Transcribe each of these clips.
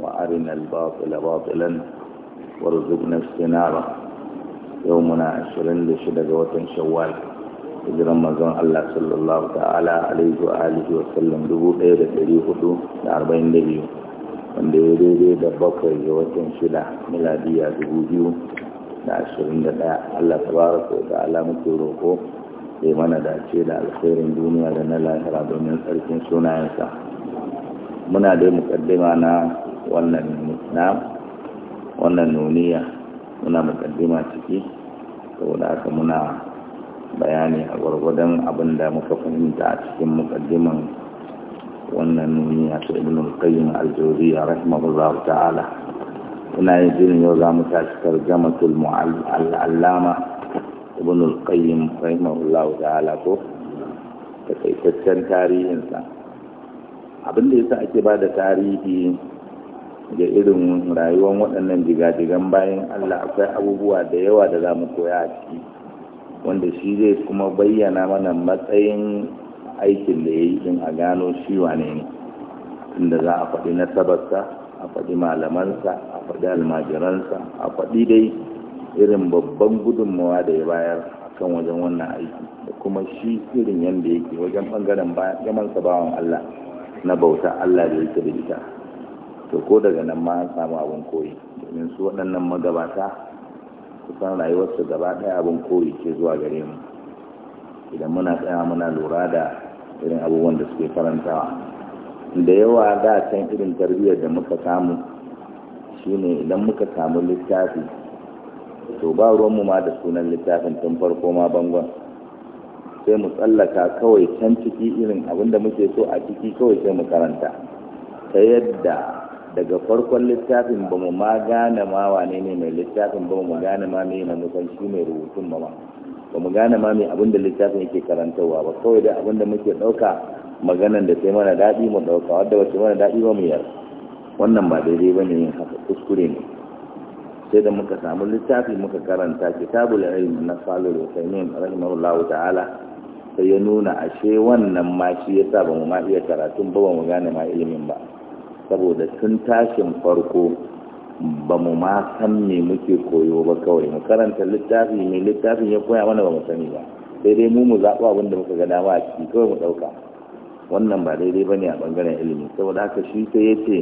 وأرنا الباطل باطلا وارزقنا اجتنابه يومنا عشرين لشدة وتن شوال إذ رمضان الله صلى الله تعالى عليه وآله وسلم دبو غير تريه دو أربعين دبيو wanda ya daidai da bakwai ga watan shida miladiya dubu biyu da ashirin da daya allah tabaraka wa ta'ala muke roƙo sai mana dace da alkhairin duniya da na lahira domin tsarkin sunayensa muna dai mukaddima na wannan na wannan nuniya muna mukaddima ciki saboda haka muna bayani a gwargwadon abin da muka fahimta a cikin mukaddiman wannan nuniya ta ibn al-qayyim al-jawziyya rahimahullahu ta'ala ina yin jinin yau za mu tashi tarjamatul mu'allama ibn al-qayyim rahimahullahu ta'ala ko takaitaccen tarihinsa abin da yasa ake ba da tarihi da irin rayuwar waɗannan jigajigan bayan Allah akwai abubuwa da yawa da za mu koya a ciki wanda shi zai kuma bayyana mana matsayin aikin da ya yi in a gano shi wane ne inda za a faɗi nasabarsa a faɗi malamansa a faɗi almajiransa a faɗi dai irin babban gudunmawa da ya bayar a kan wajen wannan aiki da kuma shi irin yadda yake wajen ɓangaren yamansa bawan Allah na bauta Allah da yake da ita to ko daga nan ma an samu abin koyi domin su waɗannan magabata kusan rayuwarsu gaba ɗaya abin koyi ke zuwa gare mu idan muna tsaya muna lura da irin abubuwan da suke karantawa da yawa da a irin tarbiyyar da muka samu shine idan muka samu littafi to ba ruwanmu ma da sunan littafin tun farko ma bangon sai mu tsallaka kawai can ciki irin abinda muke so a ciki kawai sai mu karanta ta yadda daga farkon littafin ba mu ma gane ma wane ne mai littafin ba mu gane ma mai kan shi mai rubutun ba ba mu gane ma mai abin da littafin yake karantawa ba kawai da abin da muke ɗauka maganan da sai mana daɗi mu ɗauka wadda wace mana daɗi ba mu yar wannan ba daidai ba ne yin haka kuskure ne sai da muka samu littafi muka karanta kitabul ilm na salul usaimin rahimahullahu ta'ala sai ya nuna ashe wannan ma shi yasa ba mu ma iya karatun ba ba mu gane ma ilimin ba saboda tun tashin farko ba mu ma san me muke koyo ba kawai mu karanta littafi mai littafin ya koya mana ba mu sani ba sai dai mu mu zaɓa abin muka ga dama a ciki kawai mu ɗauka wannan ba daidai ba ne a ɓangaren ilimi saboda haka shi sai ya ce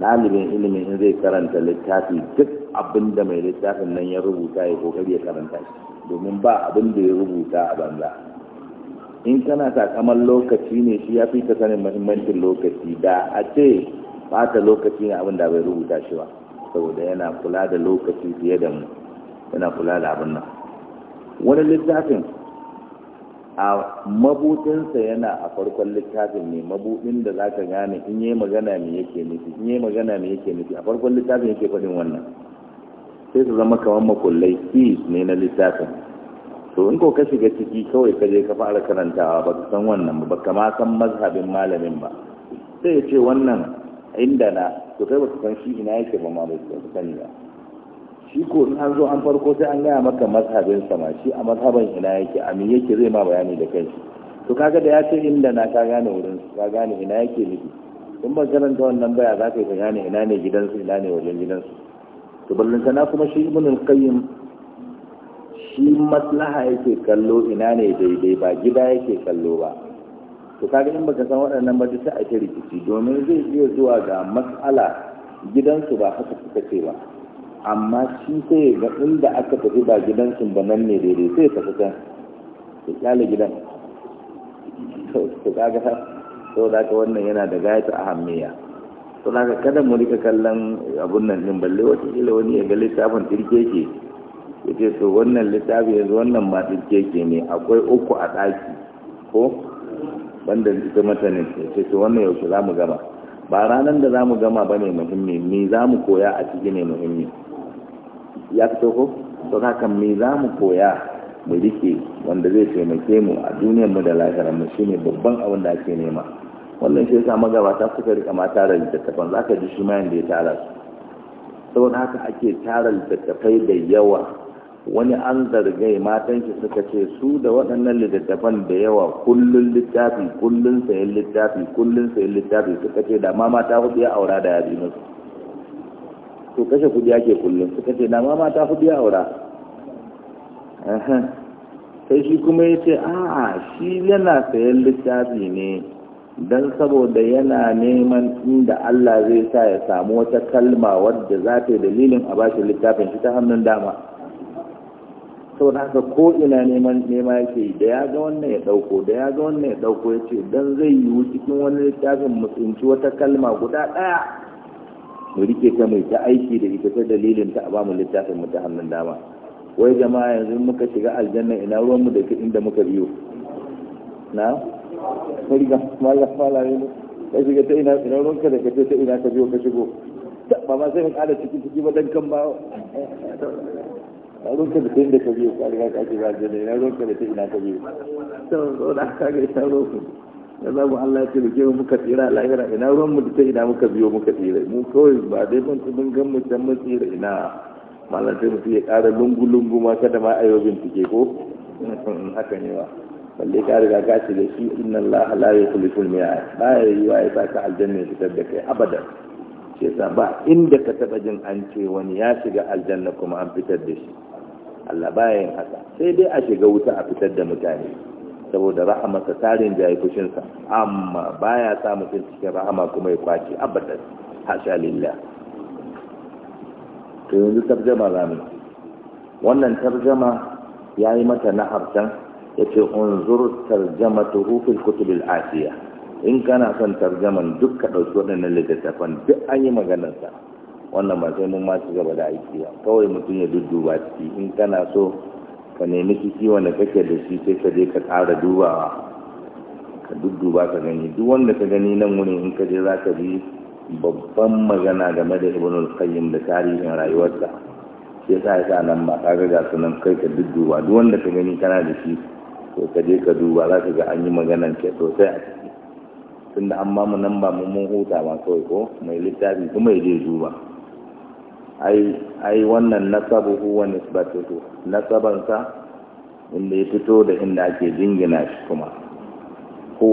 ɗalibin ilimin in zai karanta littafi duk abin da mai littafin nan ya rubuta ya kokari ya karanta shi domin ba abin da ya rubuta a banza in kana takamar lokaci ne shi ya fi ta sanin mahimmancin lokaci da a ce bata lokaci ga abin da bai rubuta shi ba saboda yana kula da lokaci fiye da mu yana kula da abin nan wani littafin a mabutinsa yana a farkon littafin ne mabutin da zaka gane in yi magana me yake nufi in yi magana me yake nufi a farkon littafin yake faɗin wannan sai su zama kamar makullai fi ne na littafin to in ko ka shiga ciki kawai ka je ka fara karantawa ba ka san wannan ba ka ma san mazhabin malamin ba sai ya ce wannan inda na to kai ba ka san shi ina yake ba ma ba su sani ba shi ko in an zo an farko sai an gaya maka mazhabin sama shi a mazhaban ina yake a me yake zai ma bayani da kai to kaga da ya ce inda na ka gane wurin ka gane ina yake nufi in ba karanta wannan baya za ka yi gane ina ne gidansu ina ne wajen gidansu to ballanta na kuma shi ibn al-qayyim shi maslaha yake kallo ina ne daidai ba gida yake kallo ba to kaga in baka san waɗannan ba duk sai a ta rikici domin zai iya zuwa ga matsala gidansu ba haka suka ce ba amma shi sai ga inda aka tafi ba gidansu ba nan ne daidai sai ka fita ya kyale gidan to kaga da ka wannan yana da gayatu hammiya to ka kada mu rika kallon abun nan din balle wata kila wani ya ga littafin tirkeke ya ce to wannan littafi yanzu wannan ma ke ne akwai uku a ɗaki ko banda ita mata ne to wannan yaushe za mu gama ba ranar da zamu gama ba ne muhimmi me za mu koya a ciki ne muhimmi ya fi ko to haka me za koya mu rike wanda zai taimake mu a duniyar mu da lahirar mu shine babban abin da ake nema wannan shi yasa magabata suka rika ma tara littattafan zaka ji shi ma yanda ya tara su saboda haka ake tara littattafai da yawa wani an zargai matan shi suka ce su da waɗannan littattafan da yawa kullun littafi kullun sayan littafi kullun sayan littafi suka ce da ma mata hudu ya aura da ya bi musu to kashe kudi ake kullun suka ce da ma mata hudu ya aura sai shi kuma ya ce a'a shi yana sayan littafi ne don saboda yana neman inda Allah zai sa ya samu wata kalma wadda za ta yi dalilin a bashi littafin shi ta hannun dama sau da haka ko ina neman nema yake da ya ga wannan ya dauko da ya ga wannan ya dauko ya ce dan zai yiwu cikin wani littafin mu wata kalma guda daya mu rike ta mai ta aiki da ita ta dalilin ta a bamu littafin mu ta hannun dama wai jama'a yanzu muka shiga aljanna ina ruwan mu da inda muka biyo na mun riga mallaf mallam ne ka shiga ta ina ina ka da kace ta ina ka biyo ka shigo ba ma sai mu kada ciki ciki ba dan kan ba na ruwanka da tun da ta biyu ka riga ka ake ba da na ruwanka da tun ina ka biyu sau sau da aka ga ina ruwanku da za mu Allah ya ce mu muka tsira lahira ina ruwan mu da ta ina muka biyo muka tsira mu kawai ba dai mun mun gan mu can mun tsira ina malam sai mutum ya ƙara lungu-lungu ma kada ma ayo bincike ko hmm, haka ne ba balle ka riga ka ce da shi inna allaha la yukhliful mi'ad ba ya yi wa ya ka aljanna ya fitar da kai abadan shi yasa ba inda ka taɓa jin an ce wani ya shiga aljanna kuma an fitar da shi Allah baya yin haka sai dai a shiga wuta a fitar da mutane saboda rahamarsa tarin jayi fushinsa amma baya sa mutum cikin rahama kuma ya kwace abadan hasha lillah to yanzu tarjama rami. wannan tarjama yayi mata na harcan yace unzur tarjamatuhu fil kutub al asiya in kana son tarjaman duk ka dauki nan littattafan duk an yi maganar sa wannan ba sai mun ma ci gaba da aiki ba kawai mutum ya dudduba ciki in kana so ka nemi ciki wanda kake da shi sai ka je ka ƙara dubawa ka dudduba ka gani duk wanda ka gani nan wuri in ka je za ka ji babban magana game da ibn al-qayyim da tarihin rayuwarsa sai sa yasa nan ba ka ga su nan kai ka dudduba duk wanda ka gani kana da shi to ka je ka duba za ka ga an yi maganan ke sosai a ciki tunda an ba mu nan ba mu mun huta ba kawai ko mai littafi kuma ya je duba ai wannan nasabu huwa nisbatuhu nasabansa inda ya fito da inda ake jingina shi kuma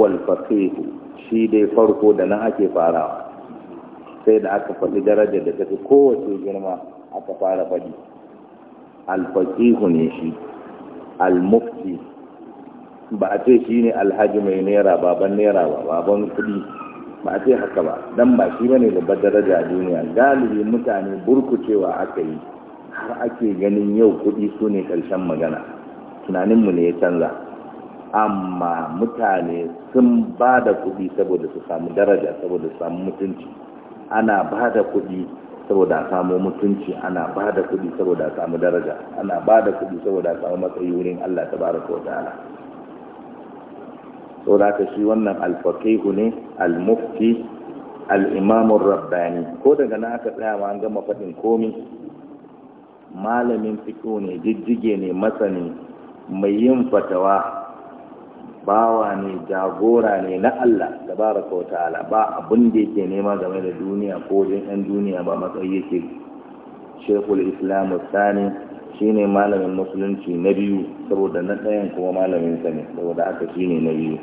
al faqihu shi dai farko da nan ake farawa sai da aka faɗi daraja da ta fi kowace girma aka fara faɗi alfaqihu ne shi al al-mufti ba a ce shi ne alhaji mai naira baban naira ba baban kuɗi ba a ce haka ba dan ba shi bane babbar daraja a duniya galibi mutane burkucewa aka yi har ake ganin yau kuɗi su ne ƙarshen magana tunaninmu ne ya canza amma mutane sun ba da kuɗi saboda su samu daraja saboda su samu mutunci ana ba da kuɗi saboda a samu mutunci ana ba da kuɗi saboda a samu daraja ana ba da kuɗi saboda a samu matsayi wurin Allah ta baraka wa ta'ala to da ka shi wannan alfaqihu ne almufti al'imamun rabbani ko daga na aka tsaya ma an gama faɗin komai malamin fiqhu ne jijjige ne masani mai yin fatawa bawa ne jagora ne na Allah da baraka wa ta'ala ba abin da yake nema game da duniya ko wajen 'yan duniya ba matsayi yake shekul islam sani shine malamin musulunci na biyu saboda na ɗayan kuma malamin sa ne saboda aka shine na biyu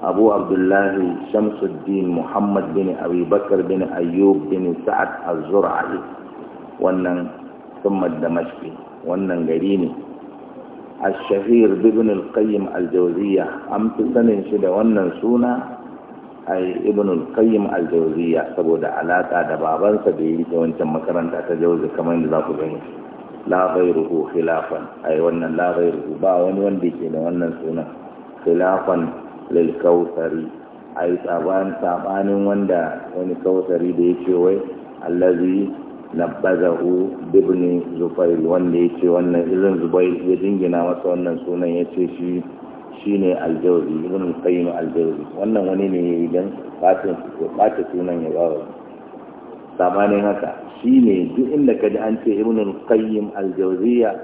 abu abdullahi shamsuddin muhammad bin abubakar bin ayyub bin sa'ad az-zur'i wannan sumad damashqi wannan gari ne al-shahir ibn al-qayyim al-jawziyya am shi da wannan suna ai ibn qayyim al-jawziyya saboda alaƙa da baban sa da yake wancan makaranta ta jawzi kamar yadda zaku gani la ghayruhu khilafan wannan la ba wani wanda ke da wannan sunan. khilafan lilkautari a yi sabanin wanda wani kautari da ya ce wai allazi na bazahu dibni zufail wanda ya ce wannan irin zubail ya jingina masa wannan sunan ya ce shi shi ne aljauzi ibn qayyim aljauzi wannan wani ne ya yi don ɓata sunan ya ba sabanin haka shi ne duk inda ka an ce ibn qayyim aljauziya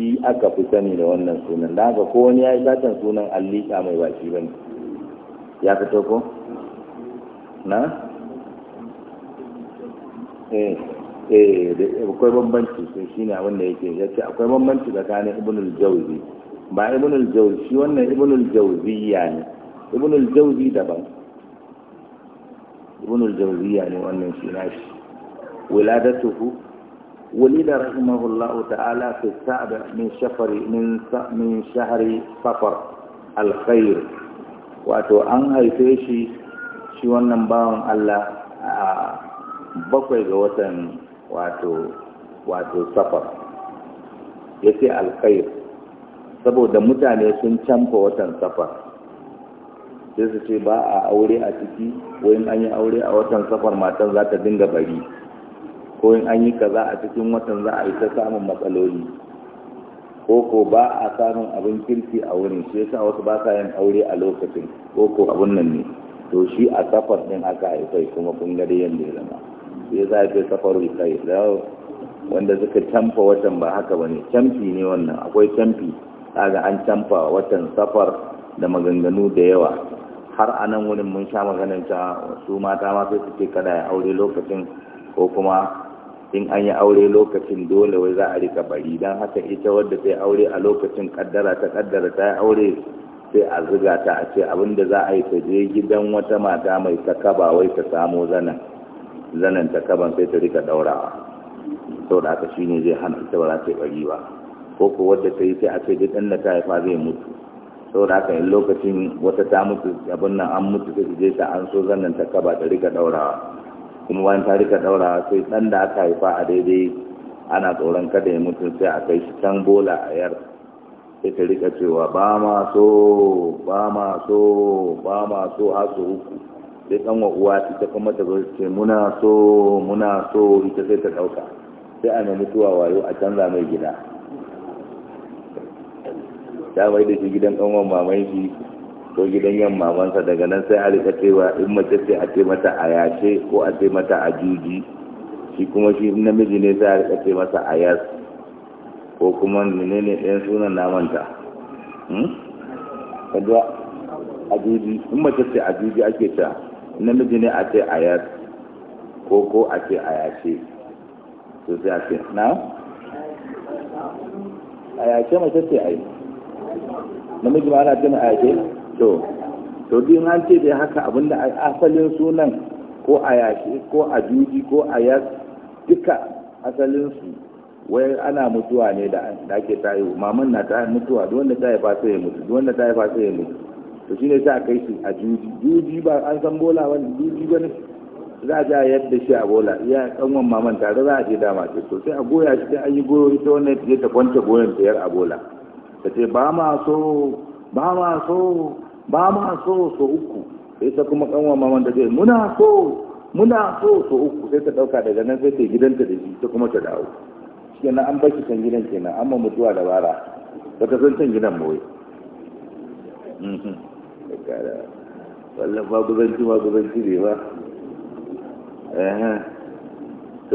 shi aka fi sani da wannan sunan da haka ko wani ya yi satan sunan allika mai ba ne ya fito ko na eh eh akwai bambanci sai shi ne abinda yake ce akwai bambanci tsakanin ibnul jawzi ba ibnul jawzi shi wannan ibnul ya ne ibnul jawzi daban ibnul ya ne wannan shi shi wiladatuhu ولد رحمه الله تعالى في السابع من شفر من من شهر صفر الخير wato an haife shi wannan bawan Allah a bakwai ga watan wato wato safar ya alkhair saboda mutane sun canfa watan safar sai su ce ba a aure a ciki wayin an yi aure a watan safar matan zata dinga bari ko in an yi kaza a cikin watan za a yi ta samun matsaloli ko ko ba a samun abin kirki a wurin shi yasa wasu ba sa yin aure a lokacin ko ko abun nan ne to shi a safar din aka haifai kuma kun gare yadda ya zama shi yasa a fi safarul kai wanda suka canfa watan ba haka ba ne camfi ne wannan akwai camfi kaga an canfa watan safar da maganganu da yawa har a nan wurin mun sha maganin ta su mata ma sai su ce kada ya aure lokacin ko kuma in an yi aure lokacin dole wai za a rika bari don haka ita wadda ta yi aure a lokacin kaddara ta kaddara ta yi aure sai a ziga ta a ce abinda za a yi ta je gidan wata mata mai takaba wai ta samo zanen zanen takaban sai ta rika daurawa sau da aka shi ne zai hana ita ba za ta yi bari ba ko ko wadda ta yi sai a ce duk ɗan da ta haifa zai mutu sau da aka yi lokacin wata ta mutu abin nan an mutu ta je ta an so zanen takaba ta rika daurawa kuma bayan ta rika daura sai dan da aka haifa a daidai ana tsoron kada ya mutu sai a kai shi can bola a yar sai ta rika cewa ba ma so ba ma so ba ma so har su uku sai kanwa uwa ita kuma ta ce muna so muna so ita sai ta dauka sai a nemi tuwa wayo a canza mai gida ta bai da shi gidan kanwan mamai shi ko gidan yan mamansa daga nan sai a rika cewa in mace ce a ce mata a yace ko a ce mata a juji shi kuma shi namiji ne sai a rika ce masa a yas ko kuma ne ɗayan sunan namanta hmm? kaduwa a juji in mace ce a juji ake ta namiji ne a ce a yas ko ko a ce a yace to sai a ce na a yace mace ce a yi namiji ma ana ce a yace to to din an ce dai haka abinda asalin sunan ko a yashi ko a juji ko a yas duka asalin su wai ana mutuwa ne da ake tayo maman na ta mutuwa duk wanda ta yi fa sai ya mutu duk wanda ta yi fa sai ya mutu to shine sai a kai shi a juji juji ba an san bola wani juji ba ne za a ja yadda shi a bola iya kanwan maman tare za a je dama ce to sai a goya shi sai an yi goyo ita wannan ta je ta kwanta goyon ta yar a bola ta ce ba ma so ba ma so ba ma so so uku sai ta kuma kanwa ma wanda zai muna so muna so so uku sai ta dauka daga nan sai ta gidanta da shi ta kuma ta dawo na an bar kan can gidan kenan amma mutuwa da bara ba ta san can gidan ba wai mhm. wallan ba guzanci ba guzanci ne ba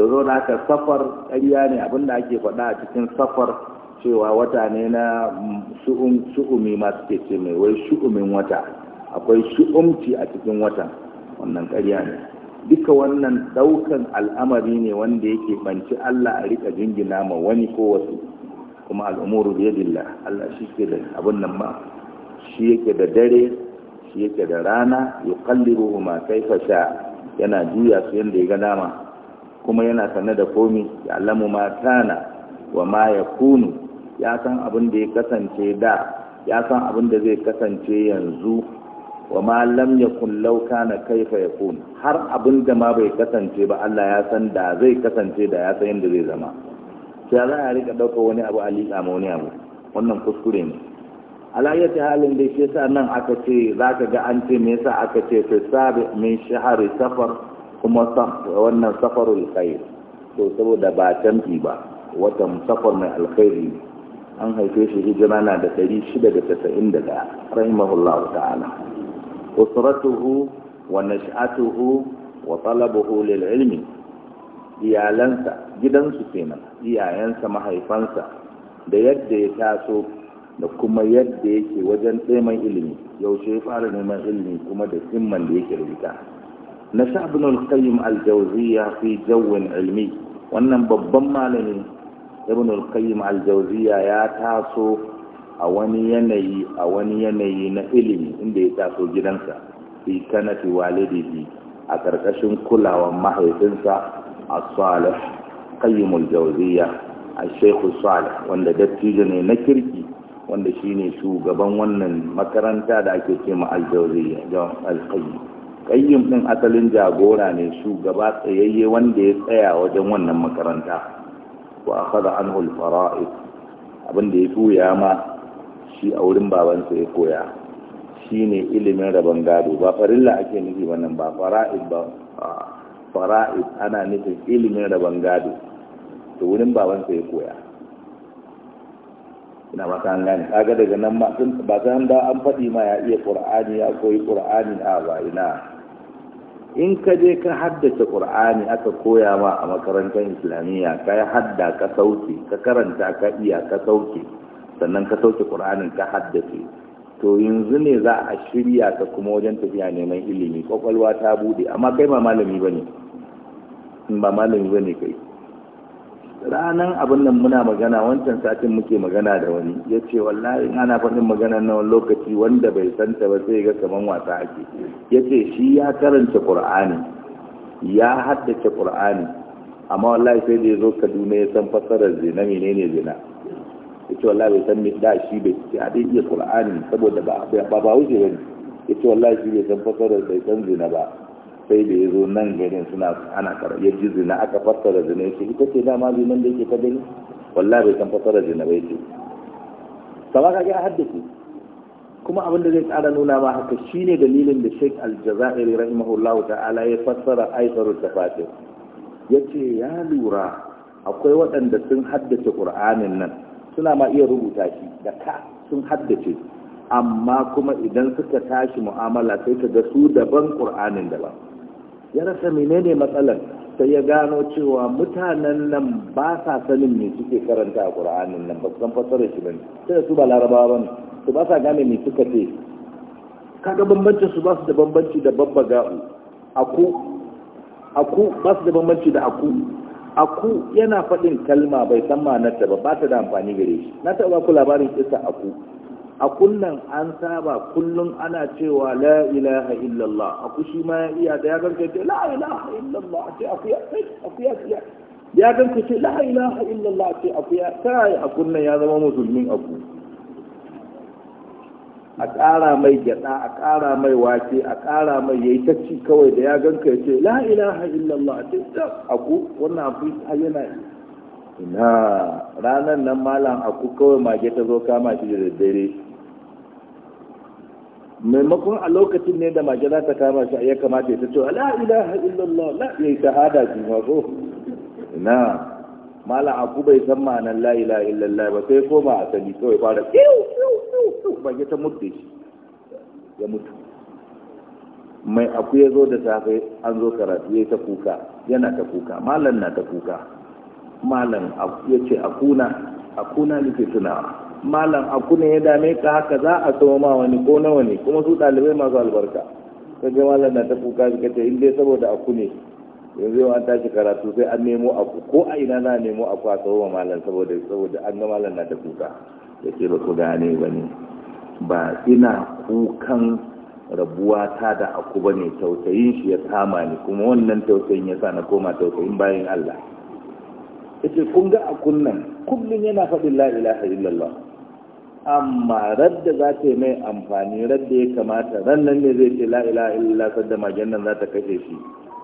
to zo da aka safar ƙarya ne abinda ake faɗa a cikin safar cewa wata ne na shu'umi masu suke mai wai shu'umin wata akwai shu'umci a cikin watan wannan ƙarya ne duka wannan ɗaukan al'amari ne wanda yake banci Allah a rika jingina ma wani ko wasu kuma al'umuru bi yadillah Allah shi ke da abun nan ma shi yake da dare shi yake da rana ya yuqallibuhuma kai sha yana juya su yadda ya ga dama kuma yana sane da komi ya alamu ma tana wa ma ya kunu ya san abin da ya kasance da ya san abin da zai kasance yanzu wa ma lam yakun law kana kaifa yakun har abin da ma bai kasance ba Allah ya san da zai kasance da ya san yadda zai zama sai za a rika dauka wani abu Ali wani abu wannan kuskure ne alayyati halin da shi sa nan aka ce zaka ga an ce me yasa aka ce fi sabi min shahari safar kuma wannan safarul khair to saboda ba tamki ba watan safar mai alkhairi an haife shi hijira na da 691 rahimahullahu ta'ala usratuhu wa nash'atuhu wa talabuhu lil ilmi iyalansa gidansu kenan iyayensa mahaifansa da yadda ya taso da kuma yadda yake wajen neman ilimi yaushe ya fara neman ilimi kuma da simman da yake rubuta na sha'binul qayyim al-jawziyya fi jawwin ilmi wannan babban malami ibn al-qayyim al-jawziya ya taso a wani yanayi a wani yanayi na ilimi inda ya taso gidansa fi kanati walidihi a karkashin kulawan mahaifinsa as-salih qayyim al-jawziya al-shaykh salih wanda dattijo ne na kirki wanda shine shugaban wannan makaranta da ake ce ma al-jawziya al-qayyim qayyim din asalin jagora ne shugaba tsayayye wanda ya tsaya wajen wannan makaranta wa akhadha anhu al-fara'id abin da ya koya ma shi a wurin babansa ya koya shine ilimin rabon gado ba farilla ake nufi wannan ba fara'id ba fara'id ana nufin ilimin rabon gado to wurin babansa ya koya ina maka an gane kaga daga nan ba san da an faɗi ma ya iya qur'ani ya koyi qur'ani a ba ina in ka je ka haddace ƙur'ani aka koya ma a makarantar islamiyya ka yi hadda ka sauke ka karanta ka iya ka sauke sannan ka sauke ƙur'anin ka haddace to yanzu ne za a shirya ka kuma wajen tafiya neman ilimi kwakwalwa ta bude amma kai ba ba malami ba ne kai ranan abin nan muna magana wancan satin muke magana da wani ya ce wallahi ana faɗin magana na wani lokaci wanda bai santa ba sai ga kaman wasa ake ya ce shi ya karanta ƙur'ani ya haddace ƙur'ani amma wallahi sai da ya zo kaduna ya san fassarar zina menene zina ya ce wallahi bai san da shi bai ce a iya ƙur'ani saboda ba ba wuce ba ne ya ce wallahi shi bai san fassarar bai san zina ba sai da ya zo nan garin suna ana kara ya ji zina aka fassara zina ita ce dama nan da yake ta gani wallahi bai san fassara zina ba yake sama ka ga haddace kuma abin da zai tsara nuna ma haka shine dalilin da Sheikh Al-Jazairi rahimahullahu ta'ala ya fassara ayatul tafatir yace ya lura akwai waɗanda sun haddace Qur'anin nan suna ma iya rubuta shi da ka sun haddace amma kuma idan suka tashi mu'amala sai ka ga su daban ƙur'anin daban ya rasa menene matsalar sai ya gano cewa mutanen nan ba sa sanin me suke karanta a ƙura'anin nan ba su san fassarar shi bane sai su ba larabawa bane su ba sa gane me suka ce kaga bambancin su ba su da bambanci da babbaga'u aku aku ba su da bambanci da aku aku yana faɗin kalma bai san ma'anarta ba ba ta da amfani gare shi na taɓa ku labarin kisa aku a kullum an saba kullum ana cewa la ilaha illallah a kushi ma ya iya da ya ganke ce la ilaha illallah ce akuya akuya ya ya ganka ce la ilaha illallah ce akuya kai a kullum ya zama musulmin aku a ƙara mai gyaɗa a ƙara mai wake a ƙara mai yayi ta ci kawai da ya ganke ce la ilaha illallah ce aku wannan abu yana ina ranar nan malam aku kawai mage ta zo kama shi da daddare maimakon a lokacin ne da mage za ta kama shi ya kamata ya ce la ilaha illallah la ya yi shahada shi ma ko ina malam aku bai san ma'anar la ilaha illallah ba sai koma a sani kawai fara kiu kiu kiu mage ta mutu shi ya mutu mai aku ya zo da safe an zo karatu ya ta kuka yana ta kuka malam na ta kuka malam ya ce a kuna nake tunawa malam akuna ya dame ka haka za a sama ma wani ko nawa ne kuma su ɗalibai masu albarka ka ga malam na ta kuka ka ce in dai saboda aku ne yanzu yau an tashi karatu sai an nemo aku ko a ina na nemo aku a ma malam saboda saboda an ga malam na ta kuka ya ce ba ku gane ba ne ba ina kukan rabuwa ta da aku ba ne tausayin shi ya kama ni kuma wannan tausayin ya sa na koma tausayin bayan Allah yace kun ga a kunnan kullum yana faɗin la ilaha illallah amma radda za ta yi mai amfani radda ya kamata rannan ne zai ce la ilaha illallah sadda majannan za ta kashe shi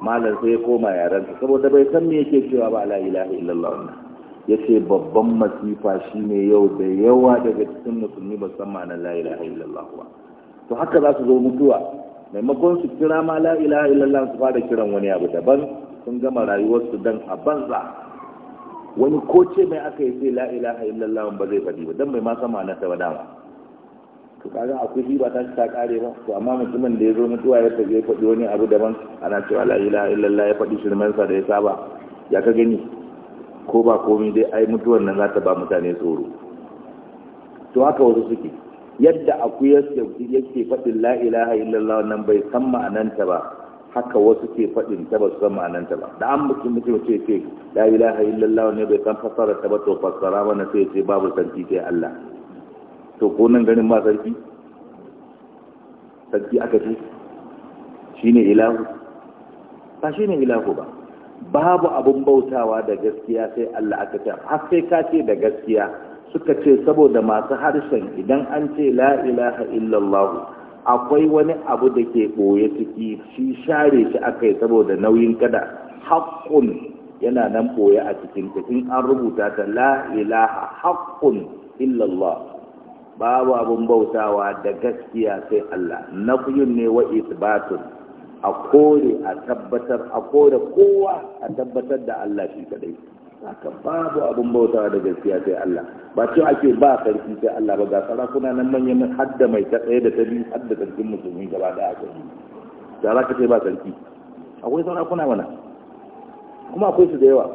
malar sai ya koma yaransa saboda bai san me yake cewa ba la ilaha illallah ya ce babban masifa shi ne yau da yawa daga cikin musulmi ba san ma'anar la illallah ba to haka za su zo mutuwa maimakon su kira ma la illallah su fara kiran wani abu daban sun gama rayuwarsu dan a banza wani ko ce mai aka yi sai la'ilaha ilaha illallah ba zai faɗi ba don mai ma sama na ta ba dama to kaga akwai shi ba ta ta kare ba to amma mutumin da ya zo mutuwa ya tafi ya faɗi wani abu daban ana cewa la ilaha illallah ya faɗi shirmansa da ya saba ya ka gani ko ba komai dai ai mutuwan nan za ta ba mutane tsoro to haka wasu suke yadda akuyar yake faɗin la'ilaha ilaha illallah nan bai san ma'ananta ba haka wasu ke faɗin ta ba su san ma'ananta ba da an mutum mutum ce ce la ilaha illallah ne bai san fasara ta ba to fasara mana sai ce babu sarki sai Allah to ko nan ganin ba sarki sarki aka ce shine ilahu ba shine ilahu ba babu abun bautawa da gaskiya sai Allah aka ce har sai ka ce da gaskiya suka ce saboda masu harshen idan an ce la ilaha illallah akwai wani abu da ke ɓoye ciki shi share shi aka yi saboda nauyin kada haƙƙun yana nan ɓoye a cikin ta in an rubuta ta la ilaha haƙƙun illallah babu abin bautawa da gaskiya sai Allah na ne wa isbatun a kore a tabbatar a kore kowa a tabbatar da Allah shi kadai haka babu abin bauta da gaskiya sai Allah ba ce ake ba sarki sai Allah ba ga sarakuna nan manyan hadda mai ta tsaye da ta biyu hadda sarkin musulmi gaba daya aka yi da za ka ce ba sarki akwai sarakuna mana kuma akwai su da yawa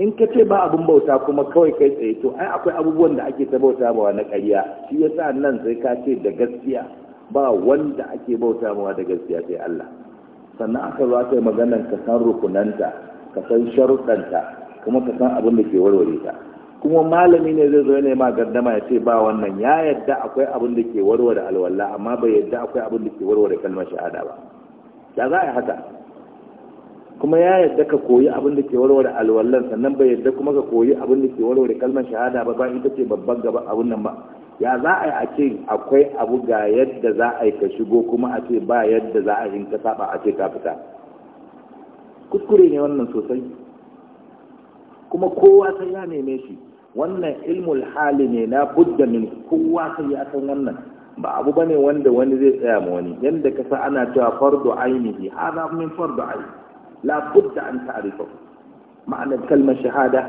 in ka ce ba abin bauta kuma kawai kai tsaye to ai akwai abubuwan da ake ta bauta ba na ƙarya shi ya sa nan sai ka ce da gaskiya ba wanda ake bauta mawa da gaskiya sai Allah sannan aka zo aka yi maganar ka san rukunanta ka san sharuɗanta kuma ka san abin da ke warware ta kuma malami ne zai zo ne ma gardama ya ce ba wannan ya yadda akwai abin da ke warware alwala amma bai yadda akwai abin da ke warware kalmar shahada ba ya za a yi haka kuma ya yadda ka koyi abin da ke warware alwallan sannan bai yadda kuma ka koyi abin da ke warware kalmar shahada ba ba ita ce babban gaba abin nan ba ya za a yi a ce akwai abu ga yadda za a yi ka shigo kuma a ce ba yadda za a yi ka saba a ce ka fita kuskure ne wannan sosai kuma kowa sai ya neme shi wannan ilmul hali ne na budda min kowa sai ya san wannan ba abu bane wanda wani zai tsaya ma wani yanda kasa ana cewa fardu ainihi hada min fardu aini la budda an ta'rifa ma'ana kalmar shahada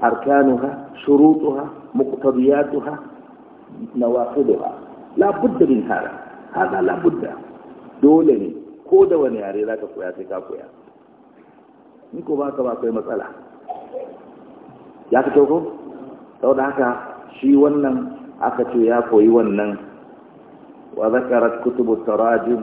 arkanuha shurutuha muqtadiyatuha nawaqiduha la budda min hada hada la budda dole ne ko da wani yare zaka koya sai ka koya in ko ka ba kai matsala ya fito ko da haka shi wannan aka ce ya koyi wannan wa zakarat kutubu tarajim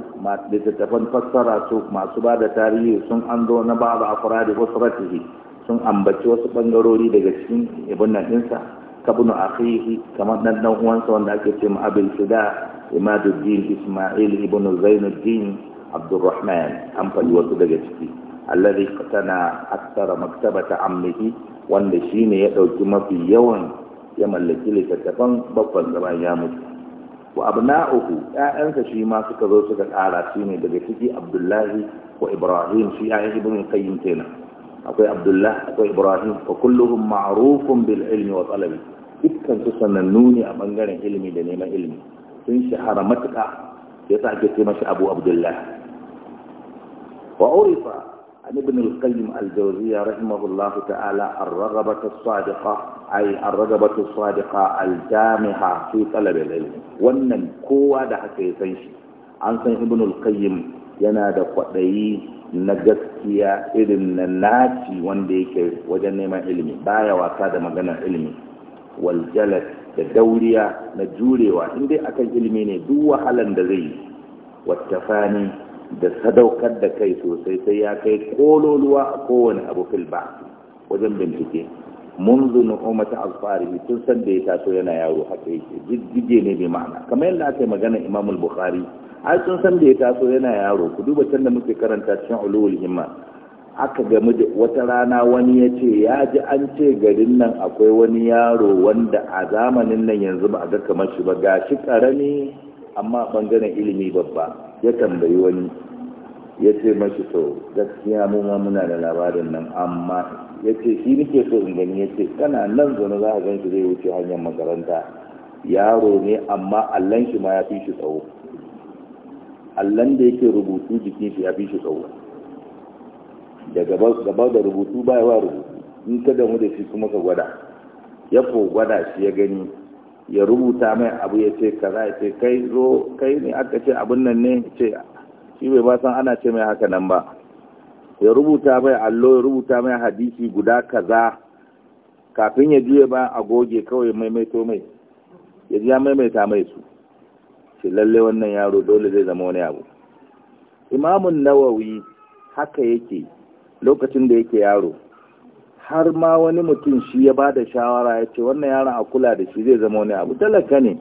littattafan fassara su masu bada tarihi sun an zo na babu afradi usratihi sun ambaci wasu bangarori daga cikin ibn nan dinsa kabnu akhihi kamar dan dan uwansa wanda ake ce ma abul Imadu imaduddin isma'il ibn zainuddin abdurrahman an faɗi wasu daga ciki alladhi qatana aktsara maktabata ammihi wanda shine ya dauki mafi yawan ya mallaki littattafan babban zaman ya mutu wa abna'uhu 'ya'yansa shi ma suka zo suka kara shine daga ciki Abdullahi wa Ibrahim shi ya ibn Qayyim kenan akwai Abdullah akwai Ibrahim fa kulluhum ma'rufun bil ilmi wa talabi dukkan su sanannu ne a bangaren ilimi da neman ilimi sun shahara matuka yasa ake ce mashi Abu Abdullah wa urifa عن ابن القيم الجوزية رحمه الله تعالى الرغبة الصادقة أي الرغبة الصادقة الجامحة في طلب العلم وأن قوة ده حكيتنش عن ابن القيم ينادى قدعي na gaskiya irin na naci wanda yake wajen neman ilimi baya wasa da maganar ilimi waljalat da dauriya na jurewa inda akan ilimi ne duk wahalan da zai yi wattafani da sadaukar da kai sosai sai ya kai kololuwa a kowane abu filba wajen bincike mun na kuma alfahari tun san da ya taso yana yaro haka yake jijjige ne bai ma'ana kamar yadda aka yi magana imamul bukhari ai tun san da ya taso yana yaro ku duba can da muke karanta cikin ulul himma aka gamu da wata rana wani ya ce ya ji an ce garin nan akwai wani yaro wanda a zamanin nan yanzu ba a ga kamar shi ba gashi karami amma bangaren ilimi babba ya tambayi wani ya ce mashi to gaskiya mu ma muna da labarin nan amma ya ce shi nake so in gani ya ce kana nan zaune za a gan shi zai wuce hanyar makaranta yaro ne amma allon shi ma ya fi shi tsawo allon da yake rubutu jikin shi ya fi shi tsawo da gaba da rubutu baya wa rubutu in ka damu da shi kuma ka gwada ya ko gwada shi ya gani ya rubuta mai abu ya ce kaza ya ce kai zo kai ne aka ce abin nan ne ce shi bai ba san ana ce mai haka nan ba ya rubuta mai allo ya rubuta mai hadisi guda kaza kafin ya juye ba a goge kawai maimaito mai ya ji ya maimaita mai su shi lalle wannan yaro dole zai zama wani abu imamun nawawi haka yake lokacin da yake yaro har ma wani mutum shi ya ba da shawara ya ce wannan yaran a kula da shi zai zama wani abu talaka ne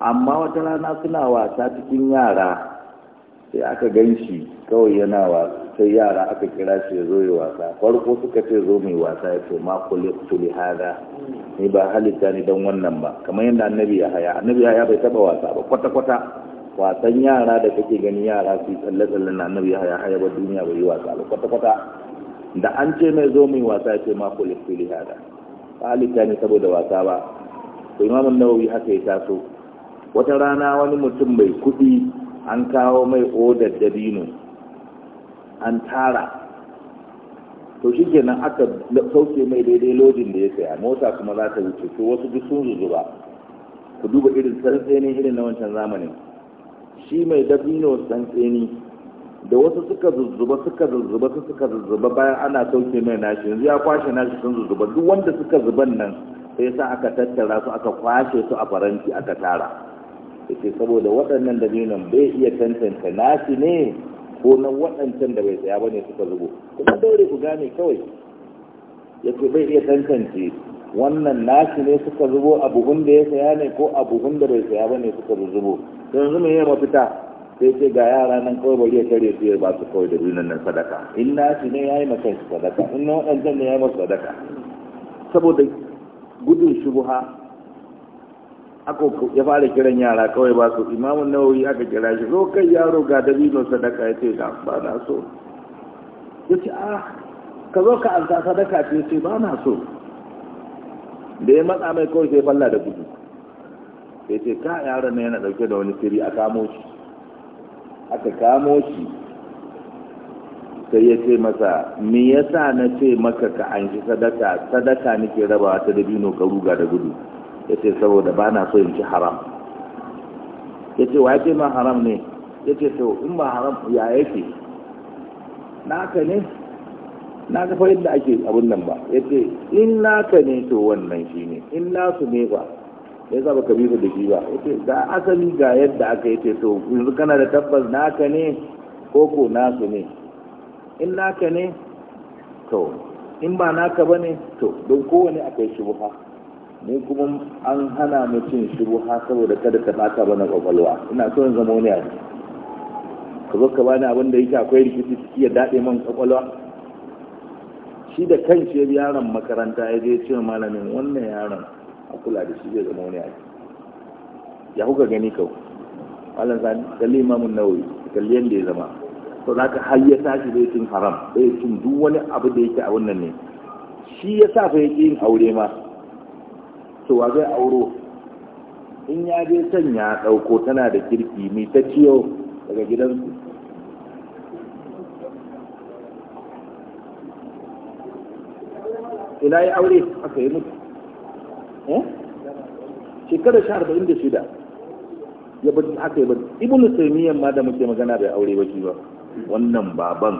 amma wata rana suna wasa cikin yara sai aka gan shi kawai yana wasa sai yara aka kira shi ya zo yi wasa farko suka ce zo mai wasa ya ce ma kuliktu li hada ni ba halitta ni don wannan ba kamar yadda annabi ya haya annabi ya haya bai taba wasa ba kwata kwata wasan yara da kake gani yara su tsalle tsalle na annabi ya haya haya ba duniya bai yi wasa ba kwata kwata da an ce mai zo mai wasa ya ce ma ko lifili hada ba halitta ne saboda wasa ba to imamun nawawi haka ya taso wata rana wani mutum mai kuɗi an kawo mai odar dabino an tara to shi kenan aka sauke mai daidai lodin da ya saya mota kuma za ta wuce to wasu duk sun ba. ku duba irin tsantseni irin na wancan zamanin shi mai dabino tsantseni da wasu suka zuzzuba suka zuzzuba suka zuzzuba bayan ana sauke mai nashi yanzu ya kwashe nashi sun zuzzuba duk wanda suka zuban nan sai sa aka tattara su aka kwashe su a faranti aka tara yace saboda waɗannan dalilan bai iya tantance nashi ne ko na waɗancan da bai tsaya bane suka zubo kuma daure ku gane kawai yace bai iya tantance wannan nashi ne suka zubo a buhun da ya saya ne ko a buhun da bai saya bane suka zubo yanzu me ya mafita sai ce ga yara nan kawai bari ya tare su ya ba su kawai da dunan nan sadaka in na shi ne ya yi masa sadaka in na waɗancan ne ya yi masa sadaka saboda gudun shubuha aka ya fara kiran yara kawai ba su imamun nawawi aka kira shi zo kai yaro ga dabino sadaka ya ce da ba na so ya ce a ah, ka zo ka alta sadaka ce ce ba na so da ya matsa mai kawai sai falla da gudu sai ce ka yaron ne yana dauke da wani siri a kamo shi aka kamo shi sai ya ce masa me yasa na ce maka ka an shi sadaka sadaka nake rabawa ta dabino ka ruga da gudu ya ce saboda ba na so in ci haram ya ce wa ya ce ma haram ne ya ce to in ba haram ya yake naka ne na ga fa yadda ake abun nan ba ya ce in naka ne to wannan shi ne in nasu ne ba ya zaba ka bisa da shi ba yace asali ga yadda aka yi to yanzu kana da tabbas naka ne ko ko nasu ne in naka ne to in ba naka ba ne to don kowane akwai shubuha ni kuma an hana mu cin shubuha saboda kada ka naka ba kwakwalwa ina so in zama wani abu ka zo ka bani abin da yake akwai rikici ciki ya daɗe man kwakwalwa shi da kan shi yaron makaranta ya je cewa malamin wannan yaron a kula da shi zai zama wani abu ya kuka gani kau malam sani kalli imamun nawawi kalli yadda ya zama to za ka har ya tashi zai cin haram zai cin duk wani abu da yake a wannan ne shi ya sa fa yake yin aure ma to wa zai auro in ya je can ya ɗauko tana da kirki mai ta ciyo daga gidansu Ina ya aure aka yi mutu Eh? shekarar sha arba'in da shida ya bar haka ya bar ibn taymiyyah ma da muke magana bai aure ba shi ba wannan baban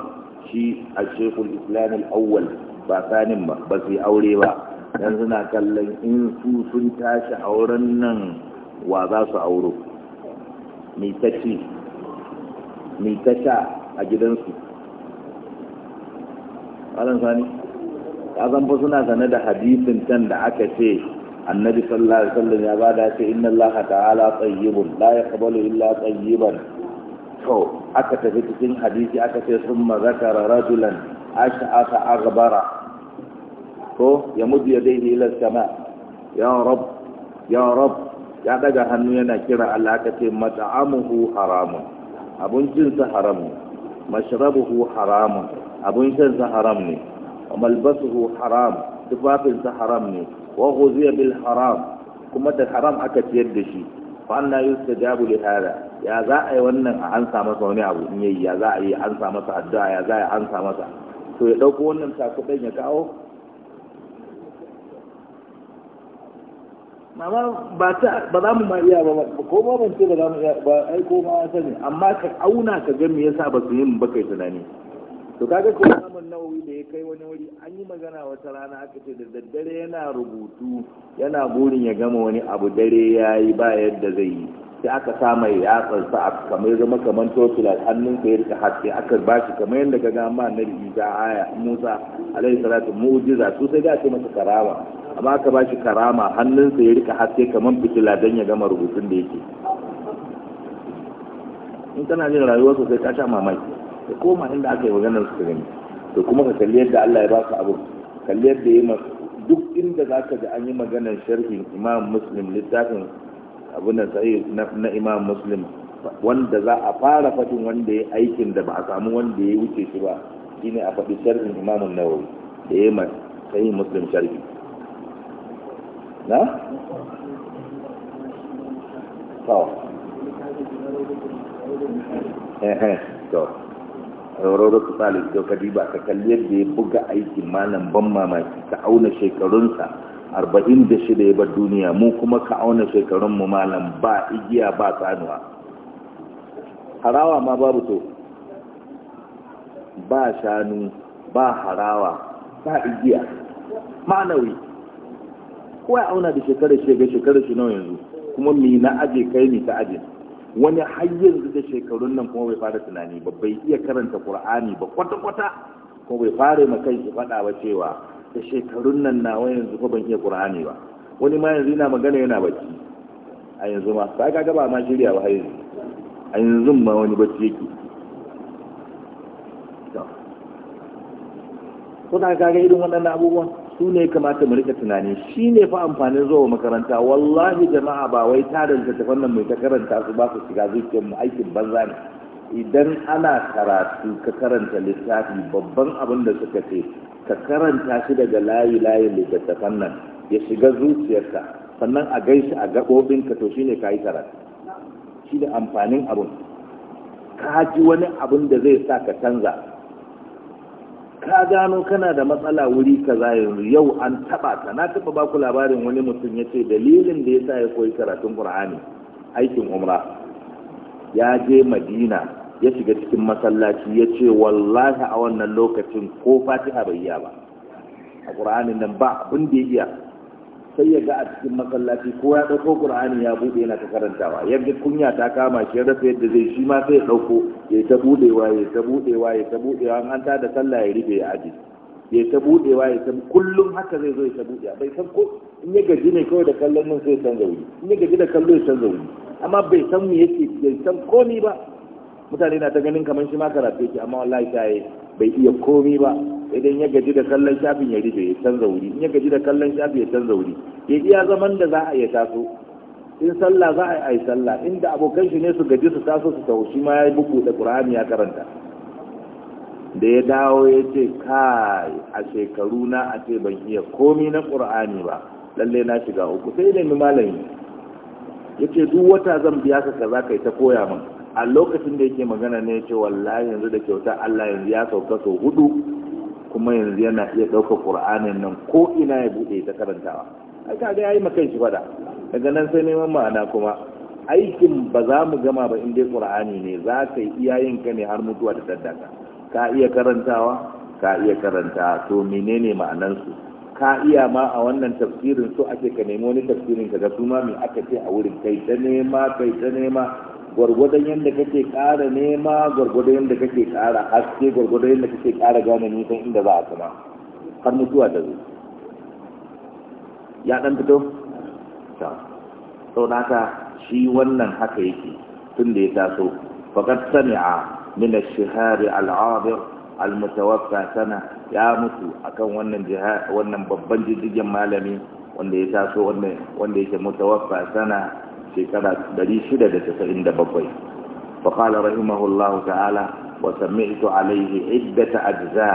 shi a shekul islam al-awwal ba sanin ba ba su aure ba dan suna kallon in su sun tashi auren nan wa za su auro mai ta mai sha a gidansu ƙaran sani zan fa suna sane da hadisin can da aka ce annabi sallallahu alaihi wasallam ya bada ce inna allaha ta'ala tayyibun la yaqbalu illa tayyiban to aka tafi cikin hadisi aka ce summa zakara rajulan ash'asa aghbara ko ya mudu yadayhi ila sama ya rab ya ya daga hannu yana kira Allah aka ce mat'amuhu haramun abincinsa haram ne mashrabuhu abincinsa haram ne tufafinsa haram ne wa ghuziya bil haram kuma da haram aka ciyar da shi fa anna yustajabu li hada ya za a yi wannan a an sa masa wani abu in yayi ya za a yi sa masa addu'a ya za a yi sa masa to ya dauko wannan dan ya kawo mama ba ta ba za mu ma iya ba ko ba mun ce ba za mu iya ba ai ko ma sani amma ka auna ka ga me yasa ba su yi ba kai tunani to kaga ko Imam Nawawi da ya kai wani wuri an yi magana wata rana aka ce da daddare yana rubutu yana burin ya gama wani abu dare yayi ba yadda zai yi sai aka sa mai yatsar sa kamar zama kamar tofila hannun ka ya haske aka shi kamar yadda gama na annabi Isa aya Musa alaihi salatu mu'jiza su sai ga masa karama amma aka ba shi karama hannun sa ya rika haske kamar fitila dan ya gama rubutun da yake in kana jin rayuwar sosai ka sha mamaki ka koma inda aka yi maganar su gani to kuma ka kalli yadda Allah ya ba su abu kalli yadda ya masu duk inda za ka ji an yi maganar sharhin imam muslim littafin abu na sahih na imam muslim wanda za a fara fadin wanda ya aikin da ba a samu wanda ya wuce shi ba shine a faɗi sharhin imam nawawi da ya mai sahih muslim sharhi na to eh eh to rauro su sa da kadi ba ka kalli yadda ya buga aikin malam ban mamaki ka auna shekarunsa arba'in da shida ya bar duniya mu kuma ka auna shekarunmu malam ba igiya ba sanuwa harawa ma babu to ba shanu ba harawa ba igiya ma'anawi kowa auna da shekarar shekarar shi nawa yanzu kuma mi na aje kai mi ta aje wani har yanzu da shekarun nan kuma bai fara tunani ba bai iya karanta qur'ani ba kwata kwata kuma bai fara ma kai shi faɗa ba cewa da shekarun nan nawa yanzu ko ban iya qur'ani ba wani ma yanzu yana magana yana bacci a yanzu ma ba ka gaba ma shirya ba yanzu a yanzu ma wani bacci yake ko da ka ga irin waɗannan abubuwan su ya kamata mu rika tunani shi ne fa amfanin zuwa makaranta wallahi jama'a ba wai tarin ta nan mai ta karanta su ba su shiga zuciyar mu aikin banza ne idan ana karatu ka karanta littafi babban abin da suka ce ka karanta shi daga layi layin littattafan nan ya shiga zuciyarka sannan a gaishe a ka to shine ka yi karatu shi ne amfanin abin ka ji wani abin da zai sa ka canza ka gano kana da matsala wuri kaza yanzu yau an taba ka na taba ba ku labarin wani mutum ya ce dalilin da ya sa ya koyi karatun qur'ani aikin umra ya je madina ya shiga cikin masallaci ya ce wallahi a wannan lokacin ko fatiha bai iya ba a qur'anin nan ba abin da ya iya sai ya ga a cikin masallaci ko ya ɗauko qur'ani ya buɗe yana ta karantawa yadda kunya ta kama shi rasa yadda zai shi ma sai ya ɗauko ya ta buɗewa ya ta buɗewa ya ta buɗewa an ta da sallah ya rufe ya aji ya ta buɗewa ya ta kullum haka zai zo ya ta buɗe bai san ko in ya gaji ne kawai da kallon nan sai ya canza wuri in ya gaji da kallo ya canza wuri amma bai san me yake bai san komi ba mutane na ta ganin kamar shi ma karatu yake amma wallahi ta bai iya komi ba idan ya gaji da kallon shafin ya rufe ya canza wuri in ya gaji da kallon shafin ya canza wuri ya iya zaman da za a iya taso in sallah za a yi sallah inda abokan shi ne su gaji su taso su taho shi ma ya buku da qur'ani ya karanta da ya dawo ya ce kai a shekaru na a ce ban iya komi na qur'ani ba lalle na shiga uku sai ne malami yace duk wata zan biya ka kaza kai ta koya min a lokacin da yake magana ne ya ce wallahi yanzu da kyauta Allah yanzu ya sauka sau hudu kuma yanzu yana iya ɗaukar ƙur'anin nan ko ina ya buɗe ta karantawa ai kaga yayi maka shi fada daga nan sai neman ma'ana kuma aikin ba za mu gama ba in dai ƙur'ani ne za ka yi iyayen ka ne har mutuwa da daddaka ka iya karantawa ka iya karanta to menene ma'anansu ka iya ma a wannan tafsirin su ake ka nemi wani tafsirin ka ga su ma me aka ce a wurin kai ta nema kai ta nema gwargwadon yadda kake ƙara nema gwargwadon yadda kake ƙara haske gwargwadon yadda kake ƙara gane nisan inda za a kama har mutuwa ta zo ya ɗan fito? ta sau ta shi wannan haka yake tun da ya taso faƙar sani'a mina shihari al'abir almutawaffa sana ya mutu akan wannan wannan babban jijjigen malami wanda ya taso wanda yake mutawaffa sana shekara 697 faƙala rahimahullahu ta'ala wa sami'tu alaihi iddata ajza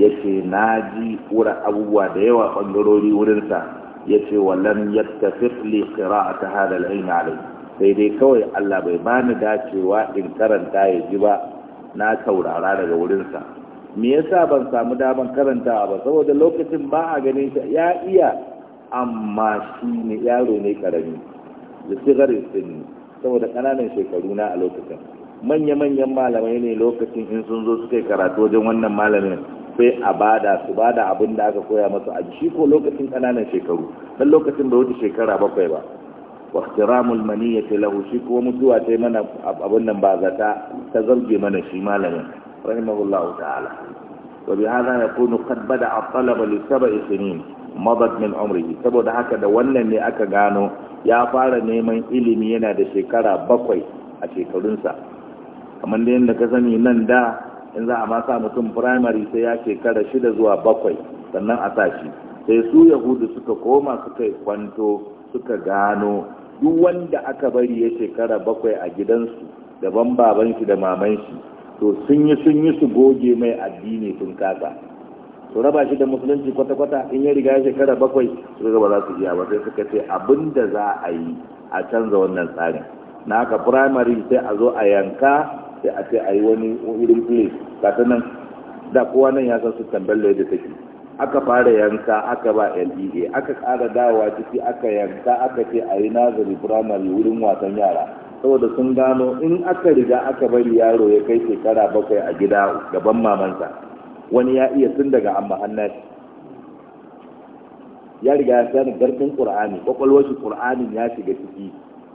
yace naji wura abubuwa da yawa ɓangarori wurinsa yace wallan yattafiq li qira'ati hadha al-ilm alai sai dai kawai Allah bai bani dacewa in karanta ya ji ba na taurara daga wurinsa me yasa ban samu daman karanta ba saboda lokacin ba a ganin ya iya amma shi ne yaro ne karami da sigarin sinni saboda kananan shekaru na a lokacin manya-manyan malamai ne lokacin in sun zo suka yi karatu wajen wannan malamin sai a bada su bada abin da aka koya masu a shi ko lokacin kananan shekaru dan lokacin bai wuce shekara bakwai ba wa ihtiramul maniyati lahu shi ko mutuwa ta mana abin nan ba zata ta zarge mana shi malamin rahimahullahu ta'ala wa bi hadha yakunu qad bada at-talaba li sab'i sinin madad min umrihi saboda haka da wannan ne aka gano ya fara neman ilimi yana da shekara bakwai a shekarunsa kamar da yadda ka sani nan da in za a ma mutum firamare sai ya shekara shida zuwa bakwai sannan a shi sai su yahudu suka koma suka yi kwanto suka gano duk wanda aka bari ya shekara bakwai a gidansu daban baban shi da maman shi to sun yi sun yi su goge mai addini sun kasa su raba shi da musulunci kwata-kwata in ya riga shekara bakwai su ga ba za su iya ba sai suka ce abin da za a yi a canza wannan tsarin na haka primary sai a zo a yanka sai a ce a yi wani irin place kasa da kowa nan ya san su da yadda take aka fara yanka aka ba lea aka kara dawowa ciki aka yanka aka ce a yi nazari primary wurin wasan yara saboda sun gano in aka riga aka bari yaro ya kai shekara bakwai a gida gaban mamansa wani ya iya tun daga amma hannashi ya riga ya sani garfin ƙur'ani ƙwaƙwalwar shi ƙur'ani ya shiga ciki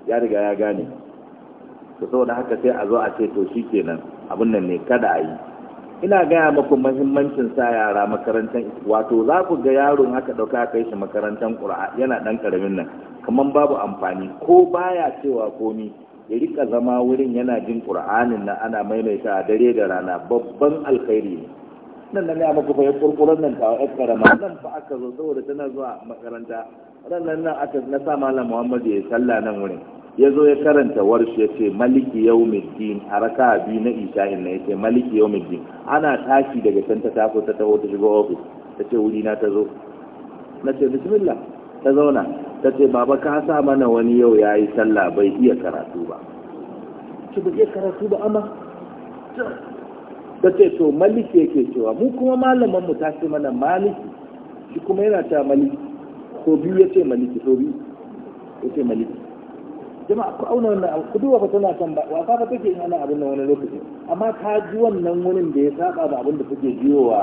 ya riga ya gane to saboda haka sai a zo a ce to shi kenan abin nan ne kada a yi ina gaya maku mahimmancin sa yara makarantar wato za ku ga yaron haka ɗauka kai shi makarantar ƙura'a yana ɗan ƙaramin nan kamar babu amfani ko baya cewa komi ya rika zama wurin yana jin ƙura'anin nan ana maimaita a dare da rana babban alkhairi ne nan na gaya maka bayan kurkuren nan ta yan karama nan fa aka zo saboda tana zuwa makaranta ran nan nan aka na sa malam muhammadu ya sallah nan wurin ya zo ya karanta warshi ya ce maliki yau din a raka biyu na isha'in na ya ce maliki yau din ana tashi daga can ta tafi ta taho ta shiga ofis ta ce wuri na ta zo na ce bismillah ta zauna ta ce baba ka sa mana wani yau ya yi sallah bai iya karatu ba ce bai iya karatu ba amma ta ce to maliki yake cewa mu kuma malaman mu ta ce mana maliki shi kuma yana ta maliki to biyu ya ce maliki to biyu ya ce maliki jama'a ku auna wannan abu ku duba tana san ba wasa ba take in ana abin nan wani lokaci amma ta ji wannan wurin da ya saba da abin da take jiyowa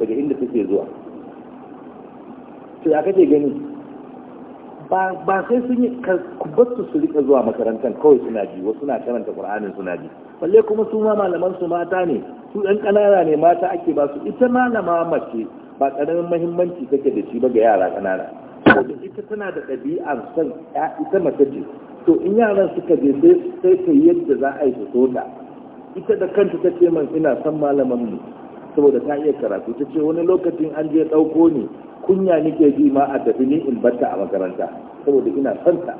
daga inda take zuwa to ya kake gani ba sai sun yi ku bar su rika zuwa makarantar kawai suna ji wasu na karanta qur'anin suna ji balle kuma su ma malaman su mata ne su ɗan ƙanana ne mata ake ba su ita malama mace ba ƙaramin mahimmanci take da shi ba ga yara ƙanana saboda ita tana da ɗabi'ar son ita mace ce to in yaran suka je sai ta yadda za a yi su soda ita da kanta ta ce man ina son malaman mu saboda ta iya karatu ta ce wani lokacin an je ɗauko ne kunya nake ji ma a tafi ni in batta a makaranta saboda ina son ta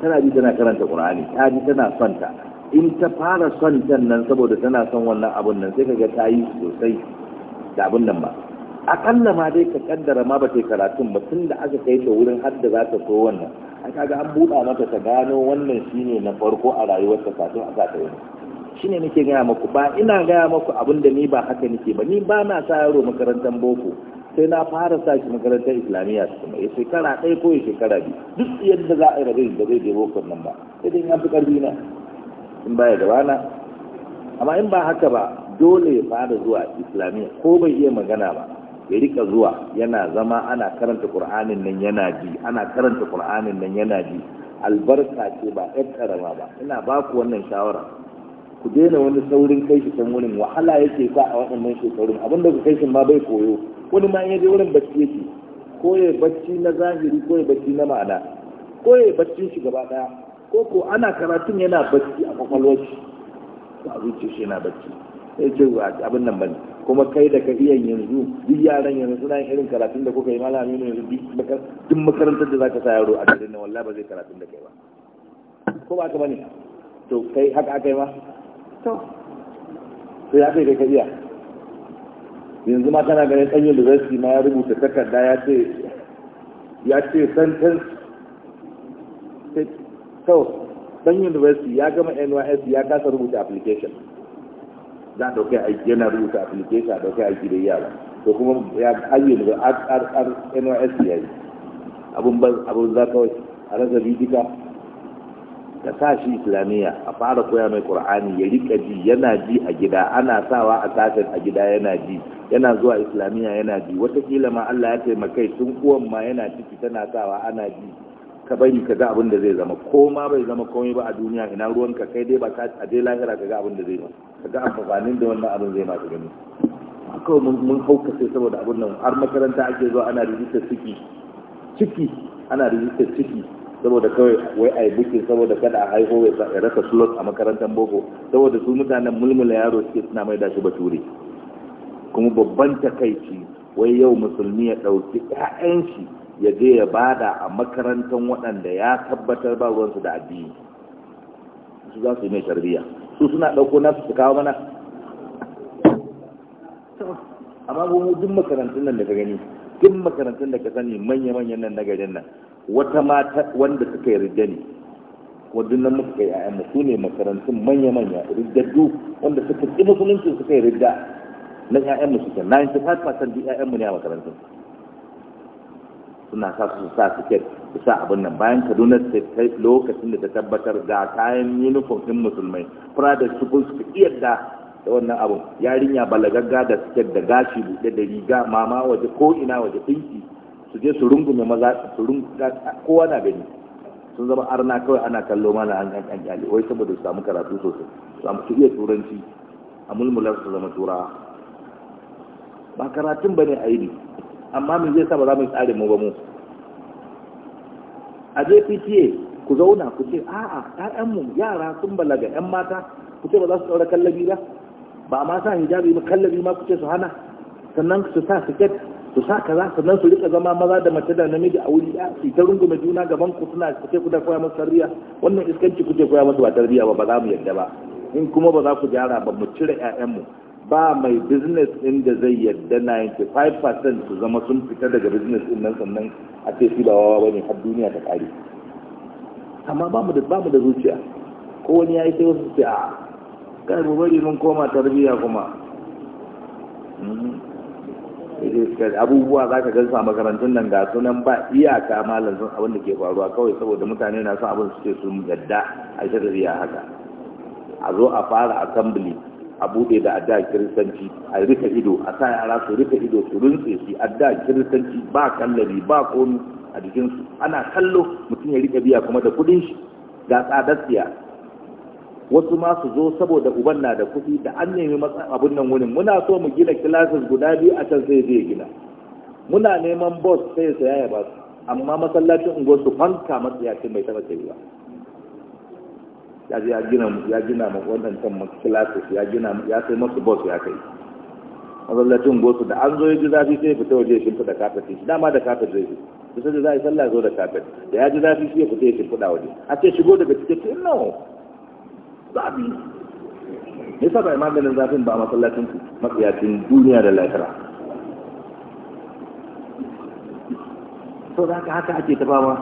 tana bi tana karanta qur'ani ta bi tana son ta in ta fara son dan nan saboda tana son wannan abun nan sai kaga ta yi sosai da abun nan ba akalla ma dai ka kaddara ma ba ta karatun ba tun da aka kai ta wurin har da za ta so wannan an kaga an buɗa mata ta gano wannan shine na farko a rayuwarta kafin a sa ta wani shine nake gaya muku ba ina gaya muku abin da ni ba haka nike ba ni ba na sa yaro makarantar boko sai na fara sa shi makarantar islamiyya su kuma ya shekara ɗaya ko ya shekara biyu duk yadda za a yi rabin da zai je bokon nan ba sai dai ya fi ƙarfi na in baya da na amma in ba haka ba dole ya fara zuwa islamiyya ko bai iya magana ba ya rika zuwa yana zama ana karanta qur'anin nan yana ji ana karanta qur'anin nan yana bi albarka ce ba ɗan karama ba ina ba ku wannan shawara ku daina wani saurin kai shi can wurin wahala yake sa a waɗannan shekarun abinda ku kai shi ma bai koyo wani ma ya je wurin bacci yake ko ya bacci na zahiri ko ya bacci na ma'ana ko ya bacci shi gaba daya ko ko ana karatun yana bacci a kwakwalwar shi a zuciya shi yana bacci sai ce abin nan bane kuma kai da ka iya yanzu duk yaran yanzu suna yin irin karatun da kuka yi malami ne yanzu duk makarantar da zaka sa yaro a garin nan wallahi ba zai karatun da kai ba ko ba ka bane to kai haka akai ba to sai ya kai ka iya yanzu ma kana ganin da zai ma ya rubuta takarda ya ce ya ce sentence kawai ɗan university ya gama nys ya kasa rubuta application za a dauke aiki yana rubuta application a dauke aiki da yara to kuma ya ayyana da nys ya yi abun za kawai a rasa bidika da sa islamiyya a fara koya mai qur'ani ya rika ji yana ji a gida ana sawa a sashen a gida yana ji yana zuwa islamiyya yana ji watakila ma Allah ya taimakai tun uwan ma yana ciki tana sawa ana ji ka bari ka ga abin da zai zama ko ma bai zama komai ba a duniya ina ruwan ka kai dai ba ka a je lahira ka ga abin da zai ba ka ga amfanin da wannan abin zai ma ka gani kawai mun hauka sai saboda abin nan har makaranta ake zuwa ana rijistar ciki ciki ana rijistar ciki saboda kawai wai a yi bukin saboda kada a haihu ya rasa slot a makarantar boko saboda su mutanen mulmula yaro suke suna mai dashi bature kuma babban takaici wai yau musulmi ya ɗauki ƴaƴan shi ya je ya bada a makarantar waɗanda ya tabbatar ba ruwansu da addini su za su yi mai tarbiyya su suna ɗauko nasu su kawo mana amma kuma duk makarantun nan da ka gani duk makarantun da ka sani manya-manyan nan na garin nan wata mata wanda suka yi ridda ne wadannan muka yi ayyanmu su ne makarantun manya-manya rigaddu wanda suka yi musulunci suka yi ridda na ƴaƴanmu ke 95% da ƴaƴanmu ne a makarantun suna sa su sa tiket su sa abin nan bayan kaduna ta lokacin da ta tabbatar ga kayan uniform ɗin musulmai su kun suka iya da da wannan abun yarinya balagagga da suke da gashi buɗe da riga mama waje ko ina waje ɗinki su je su rungume maza su rungume kowa na gani sun zama arna kawai ana kallo mana an kan kan kyale wai saboda su samu karatu sosai su samu su iya turanci a mulmular su zama turawa ba karatun bane a yi amma min zai sa ba za mu tsare mu ba mu a je ku zauna ku ce a'a ƴaƴanmu yara sun balaga ƴan mata ku ce ba za su ɗaura kallabi ba ba ma sa hijabi ba kallabi ma ku ce su hana sannan su sa siket su sa ka sannan su rika zama maza da mace da namiji a wuri a su ta rungume juna gaban ku suna kuke kuda koya masu tarbiyya wannan iskanci kuke koya masu ba tarbiyya ba ba za mu yadda ba in kuma ba za ku gyara ba mu cire mu ba mai business din da zai yadda 95% su zama sun fita daga business din nan sannan a ce su ba wawa ne har duniya ta kare amma ba mu da ba mu da zuciya ko wani yi sai wasu ce a kai mu bari mun koma tarbiyya kuma hmm. abubuwa za ka gansu a makarantun nan ga sunan ba iyaka malam sun abin da ke faruwa kawai saboda mutane na son abin suke sun gadda a shirya haka a zo a fara assembly a bude da adda kiristanci a rika ido a sa yara su rika ido su rintse shi adda kiristanci ba kallabi ba komi a jikinsu ana kallo mutum ya rika biya kuma da kudin shi ga tsadar siya wasu ma su zo saboda uban na da kuɗi da an nemi abin nan wurin muna so mu gina kilasis guda biyu a can sai zai gina muna neman boss sai saya ya ba su amma masallacin unguwar su fanka matsayacin bai mai sayi ba ya ji ya gina ya gina ma wannan can kilasis ya gina ya sai masu boss ya kai masallacin su da an zo ya ji zafi sai ya fita waje shi fita kafet shi dama da kafet zai yi sai da za a yi sallah zo da kafet da ya ji zafi sai ya fita ya fita waje a ce shigo daga cikin nawa? za a bi maganin zafin ba masallacin ku duniya da haka haka ake tabawa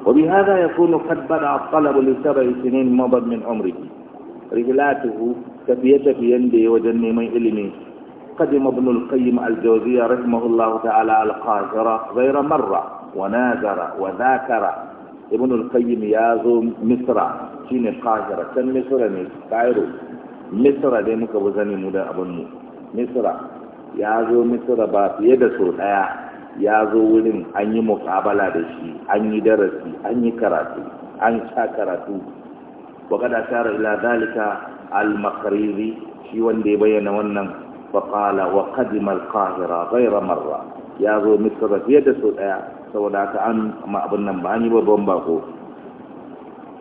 وبهذا يكون قد بدأ الطلب لسبع سنين مضت من عمره رجلاته تفية يندي وجني من علمي قدم ابن القيم الجوزية رحمه الله تعالى القاهرة غير مرة وناظر وذاكر ibn al-qayyim ya zo misra shine qahira can misra ne cairo misra dai muka bi zani mu da abin mu misra ya zo misra ba fiye da so daya ya zo wurin an yi muqabala da shi an yi darasi an yi karatu an sha karatu wa kada shara ila dalika al-maqrizi shi wanda ya bayyana wannan fa qala wa qadima al-qahira ghayra marra ya zo misra fiye da so daya saboda haka an amma abin nan ba ni babban bako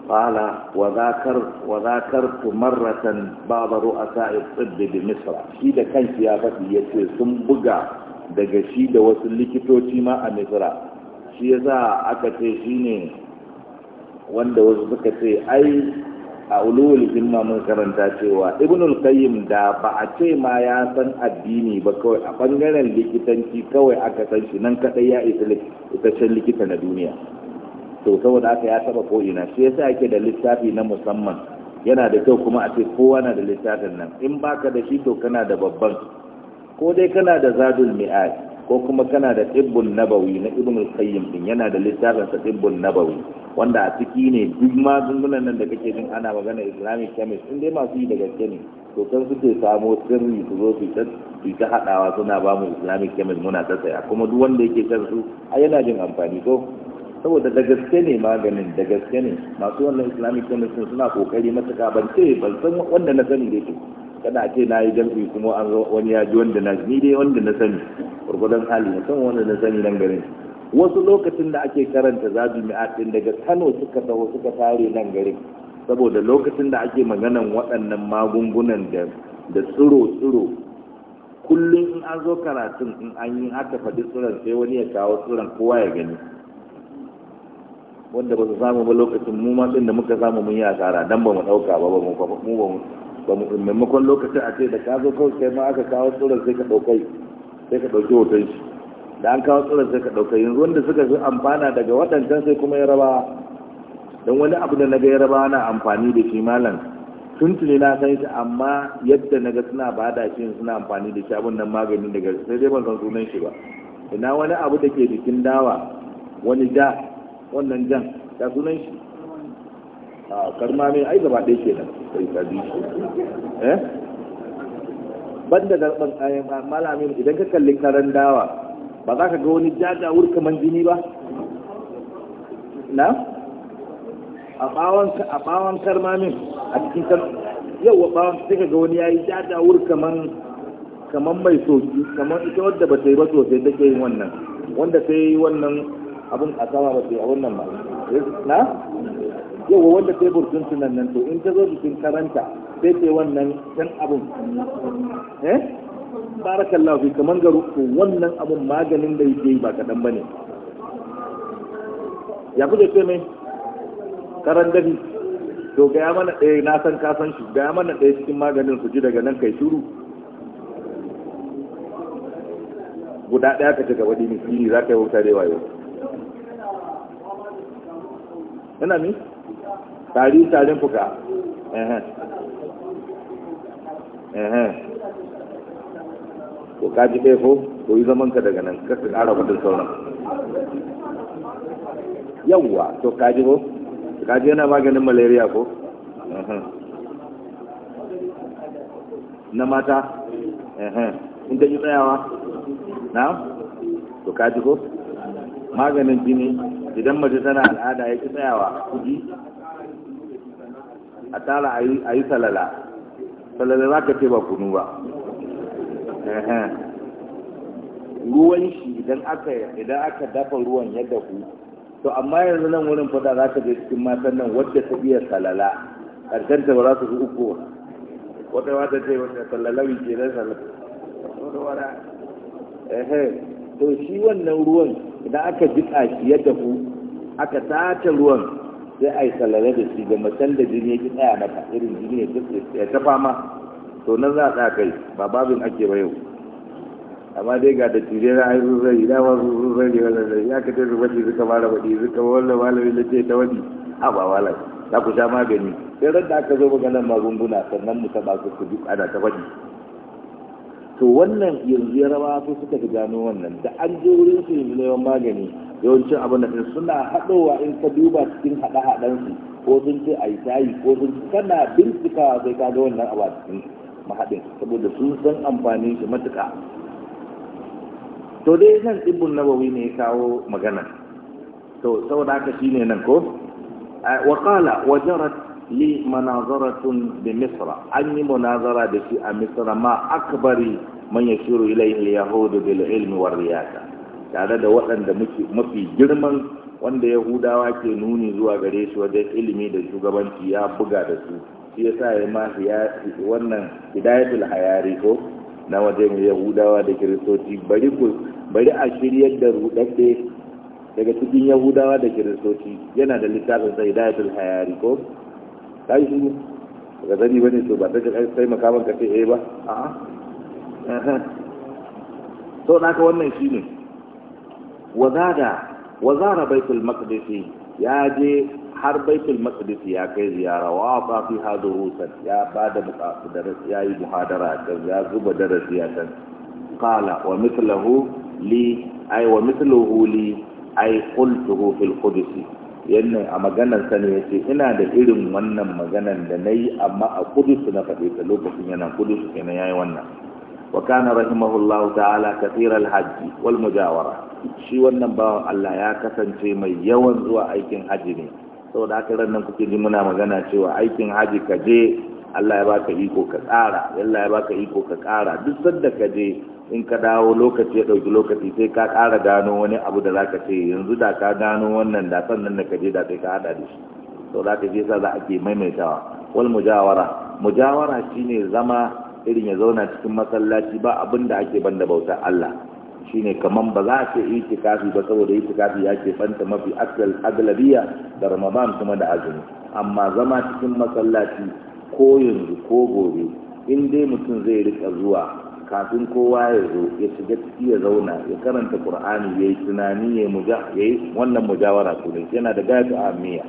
fala wa zakar wa tu marratan ba'd ru'asa'i tibb bi misr shi da kanki ya fadi yace sun buga daga shi da wasu likitoci ma a misra shi yasa aka ce shine wanda wasu suka ce ai a ulul zimma mun karanta cewa ibnul qayyim da ba a ce ma ya san addini ba kawai a bangaren likitanci kawai aka san shi nan kadai ya isa isasshen likita na duniya to saboda haka ya taba ko ina shi yasa yake da littafi na musamman yana da kyau kuma a ce kowa na da littafin nan in baka da shi to kana da babban ko dai kana da zadul mi'ad ko kuma kana da tibbun nabawi na ibn al-qayyim din yana da littafin sa tibbun nabawi wanda a ciki ne duk magungunan nan da kake jin ana magana islamic chemist in dai masu yi da gaske ne to kan suke samo sirri su zo su ta su ta hadawa suna ba mu islamic chemist muna ta saya kuma duk wanda yake kan su a yana jin amfani ko saboda da gaske ne maganin da gaske ne masu wannan islamic chemist suna kokari matuƙa ban ce ban san wanda na sani da ke kada ce na yi jam'i kuma an wani ya ji wanda na ni dai wanda na sani gurgudan hali musamman wanda na sani nan garin wasu lokacin da ake karanta zabi mai mi'atin daga kano suka taho suka tare nan garin saboda lokacin da ake maganan waɗannan magungunan da da tsiro-tsiro kullum in an zo karatun in an yi aka faɗi tsiron sai wani ya kawo tsiron kowa ya gani wanda ba su samu ba lokacin mu ma da muka samu mun yi asara dan ba mu ɗauka ba ba mu ba mu ba maimakon lokacin a ce da ka zo kawai sai ma aka kawo tsoron sai ka ɗaukai sai ka ɗauki hoton shi da an kawo tsoron sai ka ɗaukai yanzu wanda suka fi amfana daga waɗancan sai kuma ya raba don wani abu da na ga ya raba na amfani da shi malam tuntuni na san shi amma yadda na ga suna ba da shi suna amfani da shi abin nan magani daga sai dai ban san sunan shi ba ina wani abu da ke jikin dawa wani ja wannan jan ta sunan shi karma ne ai gaba ɗaya ke nan sai ka bi shi eh banda garban malamin idan ka kalli karan dawa ba za ka ga wani jajawur kamar jini ba na a bawon a bawon karmamin a cikin kar yau bawon sai ka ga wani yayi jajawur kamar kamar mai soki kamar ita wadda ba ta yi ba sosai take yin wannan wanda sai wannan abin a sama ba sai a wannan ba na yawa wanda ta yi sunan nan to in ta zo bikin karanta sai ce wannan can abun eh barakallahu fi kaman garu to wannan abun maganin da yake ba kadan bane ya kuke ce mai karan dabi to gaya mana ɗaya na san ka san shi gaya mana ɗaya cikin maganin su ji daga nan kai shuru guda ɗaya ka ce gaba dini fili za ka yi wuta da yawa yau yana mi tari tarin fuka ko ka ji ɗaya ko ko yi zaman ka daga nan kaka ƙara kudin sauran yawwa to ka ji ko ka ji yana maganin malaria ko na mata in ta yi tsayawa na to ka ji ko maganin jini idan mace tana al'ada ya ki tsayawa kuji a tara a yi salala salala za ka ce ba kunu ba ruwan shi idan aka idan aka dafa ruwan ya dafu to amma yanzu nan wurin fada za ka je cikin matan nan wadda ta iya salala ƙarshen ta ba za su fi uku wata wata ce wata salalawi ke nan salala to shi wannan ruwan idan aka jiƙa shi ya dafu aka tace ruwan sai a yi salale da shi ga macen da jini yake tsaya na irin jini ne ta fama to nan za a tsaya kai ba babin ake ba yau amma dai ga da tijai na ayi zai da wasu zai ne wannan ya ka tafi wani suka mara wani suka wannan malamin da ce ta wani a ba wala za ku sha magani sai ran aka zo maganar magunguna sannan mu taɓa su duk ana ta wani to wannan yanzu ya rawa su suka fi gano wannan da an je wurin su yanzu neman magani yawancin abin da suna haɗowa in ka duba cikin haɗa-haɗansu, ko sun ce a yi tayi ko sun ce kana bincikawa sai ka ga wannan abu a cikin mahaɗin saboda sun san amfanin shi matuƙa to dai nan ibin nabawi ne ya kawo magana to saboda haka shine nan ko wa qala wa jarat li manazaratun bi misra an yi munazara da shi a misra ma akbari man shiru ilayhi al-yahudu bil ilmi war riyasa tare da waɗanda mafi girman wanda yahudawa ke nuni zuwa gare shi wajen ilimi da shugabanci ya buga da su shi yasa ya ma wannan hidayatul hayari ko na wajen yahudawa da kiristoci bari ku bari a shiryar da rudadde daga cikin yahudawa da kiristoci yana da littafin sai hidayatul hayari ko kai shi daga zani bane to ba ta kai sai makaman ka sai eh ba a'a so na ka wannan shi ne wazara baitul maqdis ya je har baitul maqdis ya kai ziyara wa ba fi hadurusan ya bada da darasi ya yi muhadara kan ya zuba darasi ya kan qala wa mithluhu li ay wa mithluhu li ay qultuhu fil qudus yannan a maganar sa ne yace ina da irin wannan maganar da nayi amma a qudus na faɗi ta lokacin yana qudus kenan yayi wannan وكان رحمه الله تعالى كثير الحج والمجاورة شي wannan bawan Allah ya kasance mai yawan zuwa aikin haji ne saboda haka ran nan kuke ji muna magana cewa aikin haji ka je Allah ya baka iko ka tsara Allah ya baka iko ka kara duk sanda ka je in ka dawo lokaci ya ɗauki lokaci sai ka kara gano wani abu da zaka ce yanzu da ka gano wannan da sannan da ka je da sai ka hada da shi saboda haka je sa za a ke maimaitawa wal mujawara mujawara shine zama irin ya zauna cikin masallaci ba abin da ake banda bautar Allah shine kamar ba za a yi itikafi ba saboda itikafi ya ke fanta mafi asal agalabiya da ramadan kuma da azumi amma zama cikin masallaci ko yanzu ko gobe in dai mutum zai rika zuwa kafin kowa ya zo ya shiga ciki ya zauna ya karanta qur'ani yayi tunani yayi wannan mujawara to yana da gaya a miya.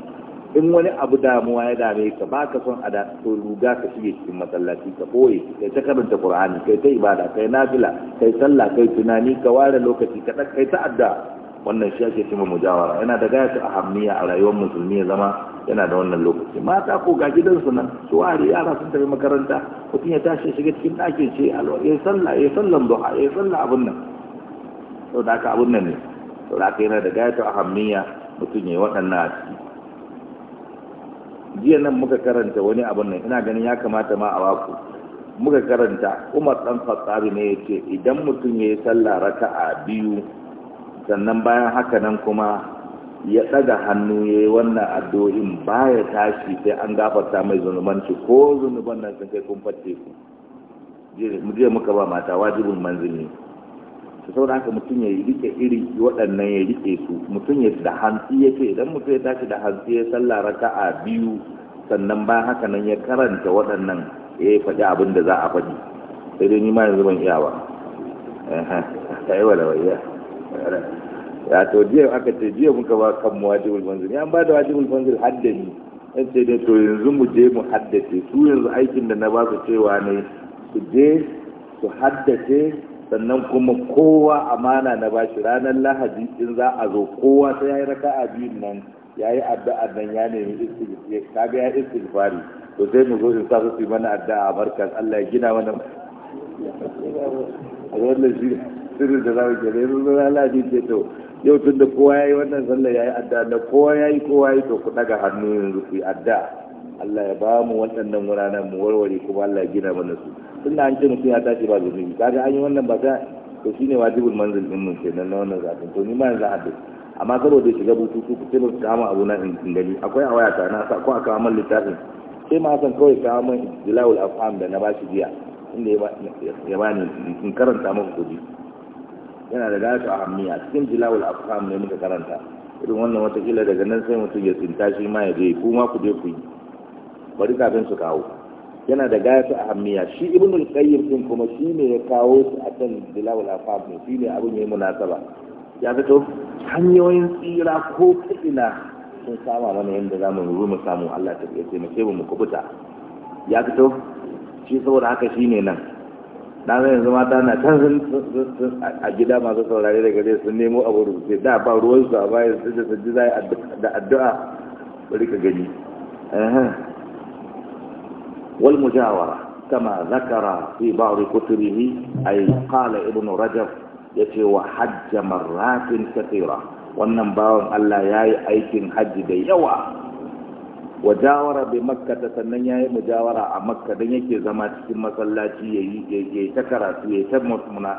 in wani abu damuwa ya dame ka ba ka son a da to ruga ka shige cikin masallaci ka boye kai ta karanta qur'ani kai ta ibada kai nafila kai sallah kai tunani ka ware lokaci ka kai ta adda wannan shi ake cewa mujawara yana da gayatu ahammiya a rayuwar musulmi ya zama yana da wannan lokaci mata ko ga gidansu nan su ware yara sun tafi makaranta mutum ya tashi shiga cikin ɗakin ce ya sallah ya sallan duha ya sallah abun nan sau da haka abun nan ne sau da haka yana da gayatu ahammiya mutum ya yi waɗannan a ciki jiya nan muka karanta wani abin nan ina ganin ya kamata ma a waku muka karanta umar dan fatsari ne yace idan mutum ya yi sallah raka'a biyu sannan bayan haka nan kuma ya ɗaga hannu ya yi wannan addu'o'in baya tashi sai an gafarta mai zunubanci ko zunuban nan sun kai kun fatte ku jiya muka ba mata wajibin manzili saboda haka mutum ya rike iri waɗannan ya rike su mutum ya da hantsi ce. idan mutum ya tashi da hantsi ya sallah raka'a biyu sannan bayan haka nan ya karanta waɗannan ya yi faɗi abin da za a faɗi sai dai ni ma yanzu ban iya ba sai wala waya ya to jiya aka ce jiya muka ba kan mu wajibul manzil ya ba da wajibul manzil haddani yan ce dai to yanzu mu je mu haddace su yanzu aikin da na ba su cewa ne su je su haddace sannan kuma kowa amana na bashi ranar lahadi in za a zo kowa ta yayi raka a biyun nan yi addu'a nan ya nemi istighfar ya istighfari to sai mu zo in sa su mana addu'a a barkan Allah ya gina mana a wannan shi sirri da za mu ke da yanzu na lahadi ce to yau tun da kowa ya yi wannan sallar yi addu'a da kowa ya yi kowa ya yi to ku daga hannu yanzu ku yi addu'a Allah ya ba mu waɗannan wuraren mu warware kuma Allah ya gina mana su tun da an ce mutum ya tashi ba zunubi kaga an yi wannan ba ta to shine wajibul manzil din mun kenan na wannan zafin to ni ma yanzu haɗu amma saboda shiga bututu ku ce ba su kama abu na in gani akwai a wayata na sa ko a kawo man littafin sai ma san kawai kawo man dilawul afham da na ba shi biya inda ya ba ni in karanta maka kuɗi yana da a ahammiya cikin dilawul afham ne muka karanta irin wannan watakila daga nan sai mutum ya tsinta shi ma ya je kuma ku je ku yi bari kafin su kawo yana da gayasa a hammiya shi ibn al-qayyim din kuma shi ne ya kawo su a kan dilawul afab ne shi ne abin yayi munasaba ya fito hanyoyin tsira ko ta sun sama mana yadda za mu mu samu Allah ta ya taimake mu mu kubuta ya fito shi saboda haka shi ne nan na zai yanzu mata na can sun a gida masu saurari daga gare sun nemo abu rubuce da ba ruwansu a bayan su da da addu'a bari ka gani Wal Mujawara, والمجاورة كما ذكر في بعض كتبه أي قال ابن رجب يتي وحج مرات كثيرة wannan bawan Allah ya yi aikin hajji da yawa wajawara bai makka sannan ya yi mujawara a makka don yake zama cikin masallaci ya yi ta karatu ya yi ta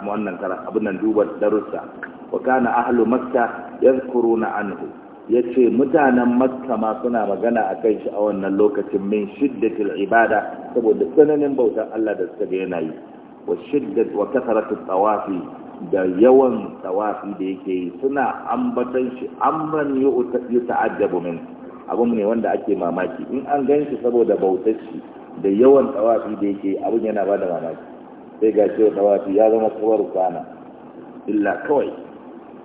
wannan abin nan duba darussa wa kana ahlu makka yadhkuruna anhu ya ce mutanen makka ma suna magana a kan shi a wannan lokacin min shiddatil ibada saboda tsananin bautar Allah da suka ga yana yi wa shiddat wa kasaratu tawafi da yawan tawafi da yake yi suna ambatan shi amran yuta'addabu min abun ne wanda ake mamaki in an gan shi saboda bautar shi da yawan tawafi da yake abun yana bada mamaki sai ga shi tawafi ya zama kawar kana illa kawai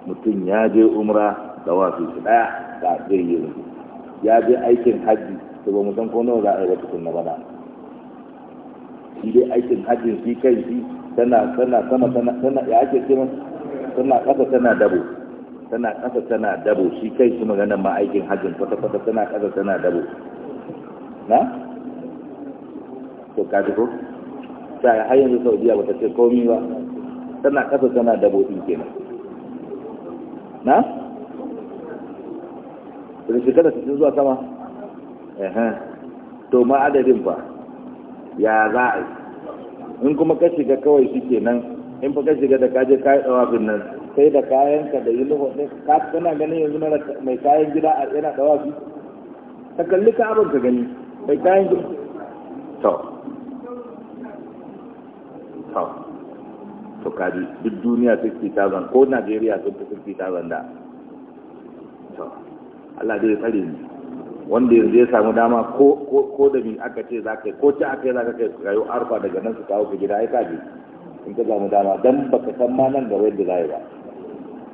mutum ya je umra dawafin su daya ba zai yi ba ya je aikin hajji to ba mu san ko nawa za a yi wata kunna bana shi dai aikin hajji shi kai shi tana tana sama tana tana ya ake cewa tana kasa tana dabo tana kasa tana dabo shi kai shi maganar ma aikin hajjin kwata kwata tana kasa tana dabo na to ka ji ko ta har yanzu saudiya ba ta ce komi ba tana kasa tana dabo din kenan na daga shekara 60 zuwa sama to ma adadin fa ya za a yi in kuma ka shiga kawai shi kenan in fa ka shiga da kaje kayan dawafin nan sai da kayanka da uniform ɗin ka kana ganin yanzu mai kayan gida a yana dawafi ta kalli ka abin ka gani mai kayan gida to to to kaji duk duniya 60,000 ko najeriya sun fi 60,000 da to Allah zai tsare mu wanda yanzu ya samu dama ko ko da min aka ce za ka ko ci aka yi za ka kai su arfa daga nan su kawo ka gida ai kaje in ka samu dama dan baka san ma nan da wanda za yi ba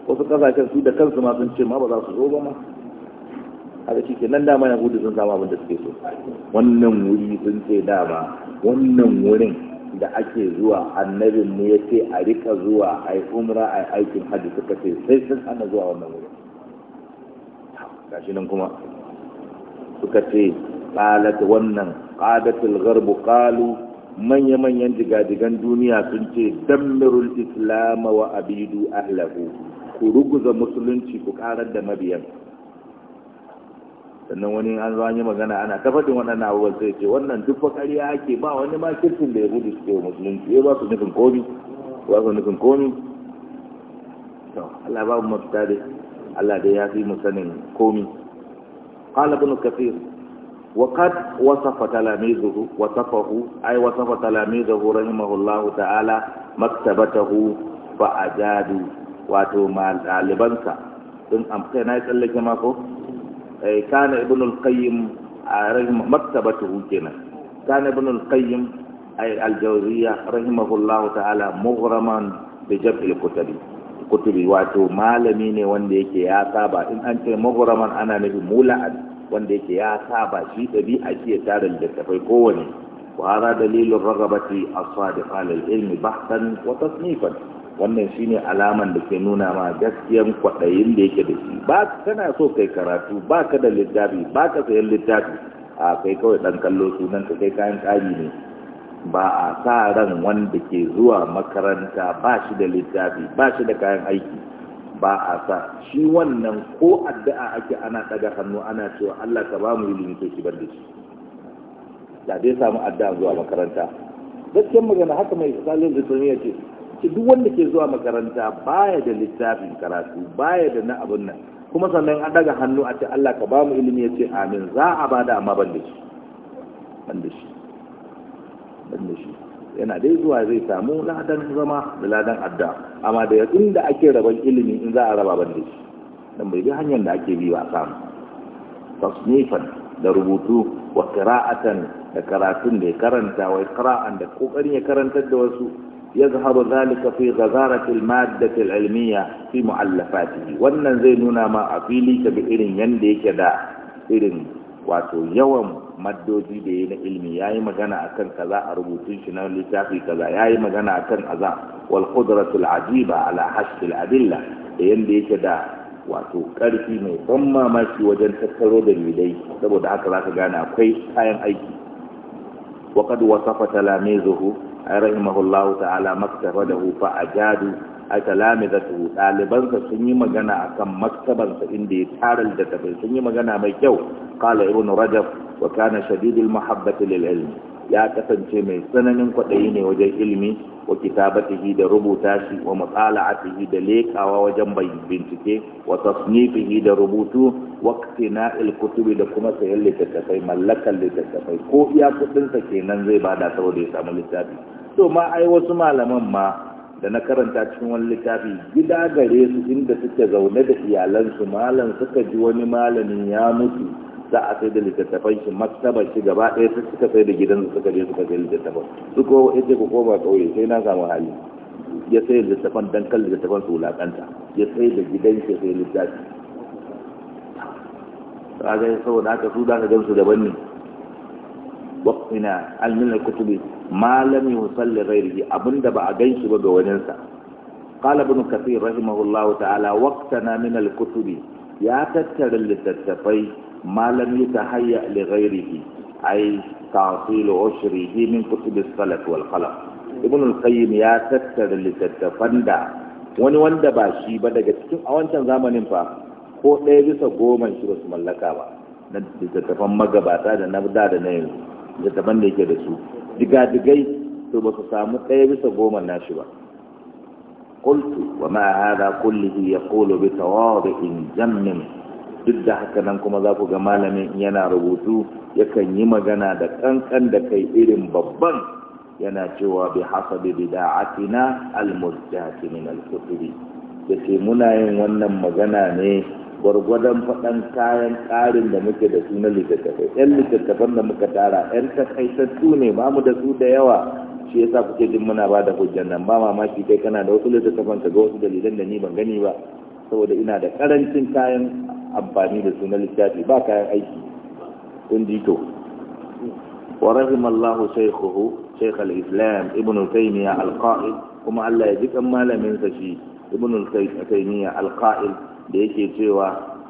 wasu kasashen su da kansu ma sun ce ma ba za su zo ba ma haka shi ke nan dama yahudu sun samu abin da suke so wannan wuri sun ce dama wannan wurin da ake zuwa annabin mu ya ce a rika zuwa a yi umra a aikin hajji suka ce sai sun ana zuwa wannan wurin gashi nan kuma suka ce qalat wannan qadatul gharb qalu manya manyan jigajigan duniya sun ce damirul islam wa abidu ahlahu ku ruguza musulunci ku karar da mabiyan sannan wani an zo an yi magana ana tafadin wannan waɗannan abubuwan sai ce wannan duk fa ƙarya ake ba wani ma kirkin da ya gudu su ke musulunci ya eh, ba su nufin komi ba su nufin komi to Allah ba mu mafita dai Allah dai ya fi mu sanin komi qala وقد وصف تلاميذه وصفه أي وصف تلاميذه رحمه الله تعالى مكتبته فأجادوا واتو ما لبنسا إن أمكنا يسألك ماكو كان ابن القيم مكتبته كنا كان ابن القيم أي الجوزية رحمه الله تعالى مغرما بجمع الكتب kutubi wato malami ne wanda yake ya saba in an ce maghraman ana nufi mula'an wanda yake ya saba shi dabi'a shi ya tara littattafai kowane wa dalilin ragabati as-sadiqa lil ilmi bahtan wa tasnifan wannan shine alaman da ke nuna ma gaskiyan kwaɗayin da yake da shi ba kana so kai karatu ba ka da littafi ba ka sayan littafi a kai kawai ɗan kallo sunan ka kai kayan tsari ne ba a sa ran wanda ke zuwa makaranta ba shi da littafi ba shi da kayan aiki ba a sa shi wannan ko addu'a ake ana daga hannu ana cewa Allah ka ba mu ilimi to shi bar da shi da dai samu addu'a zuwa makaranta gaskiyar magana haka mai salin da tuniya ce ki duk wanda ke zuwa makaranta baya da littafin karatu baya da na abun nan kuma sannan an daga hannu a ce Allah ka ba mu ilimi yace ce amin za a bada amma ban da shi ban da shi dan da shi yana dai zuwa zai samu ladan zama da ladan adda amma da inda ake rabon ilimi in za a raba ban da shi dan bai bi hanyar da ake bi ba samu tasnifan da rubutu wa qira'atan da karatun da ya karanta wa qira'an da kokarin ya karantar da wasu يظهر ذلك في غزارة المادة العلمية في مؤلفاته وأن زي نونا ما أفيلي كبئرين يندي كدا إرين wato yawan maddoji da ya na ilimi ya yi magana a kan kaza a rubutun shi na littafi kaza ya yi magana a kan kaza wal qudratul ajiba ala hashil adilla da yanda yake da wato karfi mai ban mamaki wajen tattaro da lidai saboda haka zaka gane akwai kayan aiki wa qad wasafa talamizuhu ay rahimahullahu ta'ala maktaba da fa ajadu a lamida ɗalibansa sun yi magana akan maktabansa inda ya tara littattafai sun yi magana mai kyau kala irin rajab wa kana shadidul mahabbati lil ilmi ya kasance mai tsananin kwaɗayi ne wajen ilmi wa kitabatihi da rubuta shi wa matsala'atihi da lekawa wajen bincike wa tasnifihi da rubutu wa qtina'il kutubi da kuma sayan littattafai mallakan littattafai ko iya kuɗinsa kenan zai bada saboda ya samu littafi to ma ai wasu malaman ma da na karanta cikin wani littafi gida gare su inda suke zaune da iyalansu malam suka ji wani malamin ya mutu za a sai da littattafan shi maktabar shi gaba ɗaya su suka sai da gidan suka je suka sai littattafan su ko yace ko koma ƙauye sai na samu hali ya sai littattafan dan kan littattafan su wulaƙanta ya sai da gidan shi sai littafi kaga saboda haka su da ka gamsu daban ne waqtina al-min kutubi malam yi musallin rairi abinda ba a gan shi ba ga waninsa ƙala bin kasir rahimahullah ta'ala waktana min al-kutubi ya tattara littattafai malam yi ta hayya li ghairihi ai tasilu ushrihi min kutubi salaf wal qalam ibn al-qayyim ya tattara littattafan da wani wanda ba shi ba daga cikin a wancan zamanin fa ko ɗaya bisa goma shi ba su mallaka ba na littattafan magabata da na da da na yanzu littattafan da yake da su digadigai to ba su samu ɗaya bisa goma na shi ba qultu wa ma hadha kullihi yaqulu bi jammin duk da haka nan kuma za ku ga malamin yana rubutu yakan yi magana da kankan da kai irin babban yana cewa bi hasabi bida'atina al-murjati min al-kutubi yace muna yin wannan magana ne gwargwadon faɗan kayan ƙarin da muke da su na littattafai yan littattafan da muka tara yan takaitattu ne ba mu da su da yawa shi yasa kuke jin muna ba da hujjan nan ba mamaki kai kana da wasu littattafan ka ga wasu dalilan da ni ban gani ba saboda ina da karancin kayan amfani da su na littafi ba kayan aiki kun ji to wa rahimallahu shaykhuhu shaykh al-islam ibn taymiyyah al-qa'id kuma Allah ya ji kan malamin sa shi ibn al-qa'id da yake cewa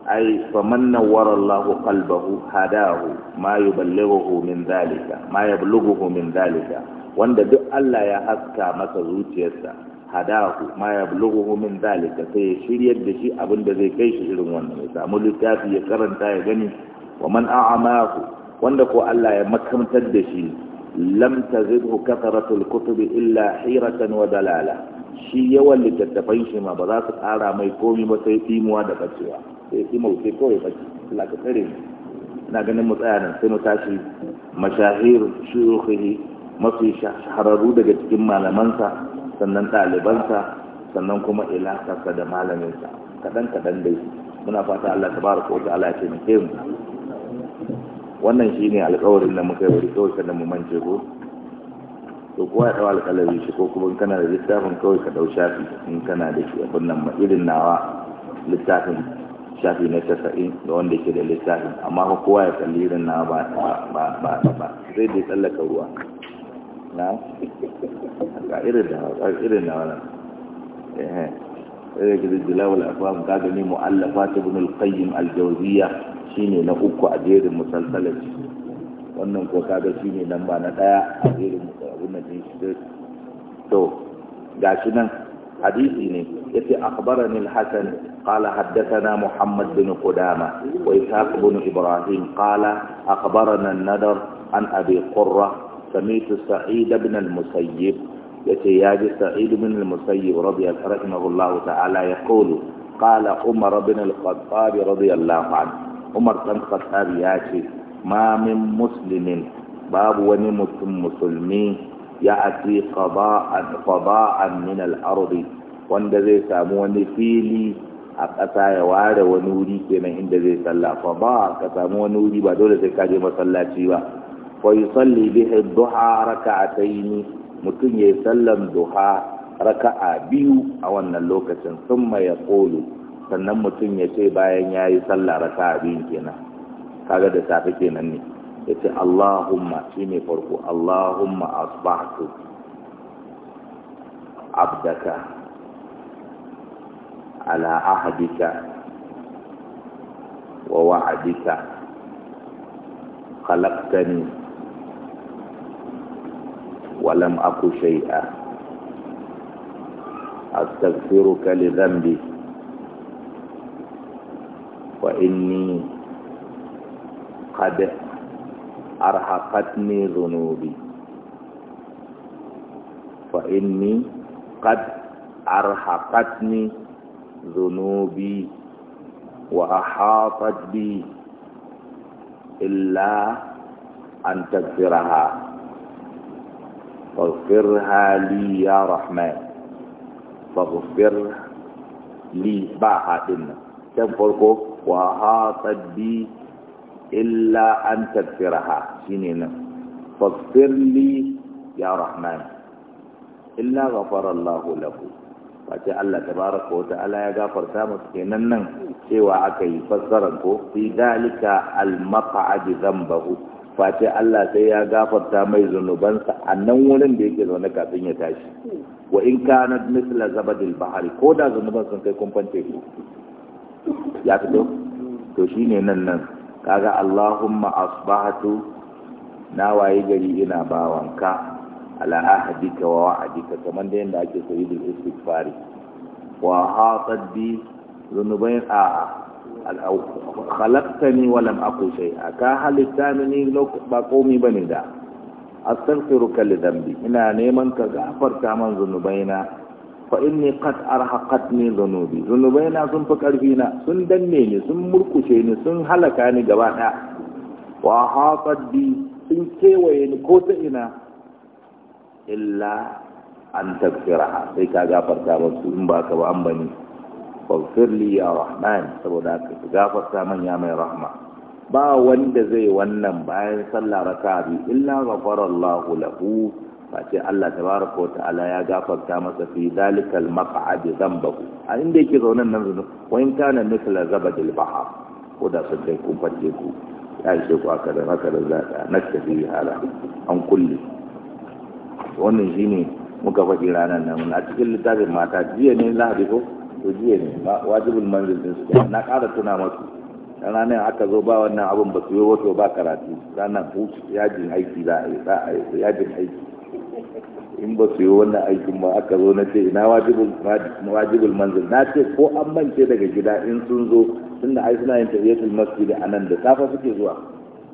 ai faman nawwara Allah qalbahu hadahu ma yuballighuhu min zalika ma min zalika wanda duk Allah ya haska masa zuciyarsa hadahu ma min zalika sai ya shiryar da shi abin da zai kai shi irin wannan ya samu littafi ya karanta ya gani wa man a'amahu wanda ko Allah ya makamtar da shi lam tazidhu kathratul kutubi illa hiratan wa dalala shi yawan littattafan shi ma ba za su ƙara mai komi ba sai timuwa da bacewa sai timo sai kawai bace Allah ka tsare mu ina ganin mu tsaya nan sai mu tashi mashahir shuyukhihi mafi shahararru daga cikin malamansa sannan ɗalibansa sannan kuma ilakarsa da malaminsa kaɗan kaɗan dai muna fata Allah ta ko ta Allah ya taimake mu wannan shine alƙawarin da muka yi wa kawai mu mance ko to kowa ya ɗawa alƙalami shi ko kuma kana da littafin kawai ka ɗau shafi in kana da shi abin nan irin nawa littafin shafi na casa'in da wanda ke da littafin amma ko kowa ya kalli irin nawa ba ba ba ba zai dai tsallaka ruwa na ga irin da ga irin nawa nan eh eh ga dilawul afam ka ga ni mu'allafat ibn al-qayyim al-jawziyya shine na uku a jerin musalsalin wannan ko kaga shine namba na daya a jerin musalsalin abin da to gashi nan hadisi ne yace akhbarani al-hasan qala haddathana muhammad bin qudama wa ishaq bin ibrahim qala akhbarana an-nadr an abi qurra سميت سعيد بن المسيب يتي ياجي سعيد بن المسيب رضي الله رحمه الله تعالى يقول قال عمر بن الخطاب رضي الله عنه عمر بن الخطاب ياتي ما من مسلم باب وني مسلمي ya'ti qada'an qada'an min al-ardi wanda zai samu wani fili a ƙasa ya ware wani wuri kenan inda zai salla qada ka samu wani wuri ba dole sai ka je masallaci ba fa yusalli bihi duha mutum mutun yayi sallan duha raka'a biyu a wannan lokacin summa yaqulu sannan mutun ya ce bayan yayi sallah raka'a biyu kenan kaga da safe kenan ne ya Allahumma shi ne farko Allahumma asbahtu abdaka ala ahdika wa wa'dika khalaqtani wa lam aku shay'a astaghfiruka li dhanbi wa inni qad أرهقتني ذنوبي فإني قد أرهقتني ذنوبي وأحاطت بي إلا أن تغفرها فاغفرها لي يا رحمن فاغفر لي باها إن كم فرقه وأحاطت بي illa an tagfiraha shine nan faghfirli ya rahman illa ghafara Allahu lahu wace Allah tabaraka wa ta'ala ya gafarta masu kenan nan cewa aka yi fassarar ko fi dalika al maq'ad dhanbahu face Allah sai ya gafarta mai zunubansa a nan wurin da yake zaune kafin ya tashi wa in kana misla zabadil bahari ko da zunuban sun kai kumfan teku ya fito to shine nan nan kaga Allahumma asbahatu na waye gari ina bawanka ala ahadika wa wa'adika kamar da yanda ake koyi da istighfari wa hatat bi zunubai a khalaqtani wa lam aqu shay'a ka halitta ni ba komi bane da astaghfiruka li dhanbi ina neman ka gafarta man zunubaina fa inni qad ne zanobi dhunubai na sun fi ƙarfi na sun danne ni sun murkushe ni sun halaka ni gaba ɗaya wa hatat bi sun kewaye ni ko ta ina illa an tagfiraha sai ka gafarta musu in ba ka ba an bani faghfirli ya rahman saboda ka gafarta man ya mai rahma ba wanda zai wannan bayan sallah raka'a illa ghafara Allahu lahu face Allah tabaraka wa ta'ala ya gafarta masa fi zalikal maq'ad dhanbahu a inda yake zaunan nan zuwa wa in kana mithla zabadil bahr ko da sun kai kun farke ku ya ce ku aka da maka da zaka naktafi hala an kulli wannan shine muka faɗi ranar nan a cikin littafin mata jiya ne lahadi ko to jiya ne wajibul manzil din su na ƙara tuna masu ranar aka zo ba wannan abin ba su yi wato ba karatu ranar yajin aiki za a yi yajin aiki in ba su yi wannan aikin ba aka zo na ce ina wajibul manzil na ce ko an mance daga gida in sun zo tunda ai suna yin tayyatul masjid a nan da safa suke zuwa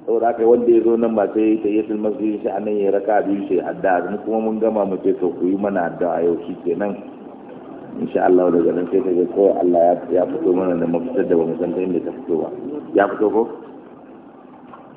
saboda haka wanda ya zo nan ba sai yayi tahiyatul masjid shi a nan ya raka biyu shi hadda a mu kuma mun gama mu ce to ku mana hadda a yau shikenan insha Allah daga nan sai ta ga ko Allah ya fito mana da mafitar da mu san ta inda ta fito ba ya fito ko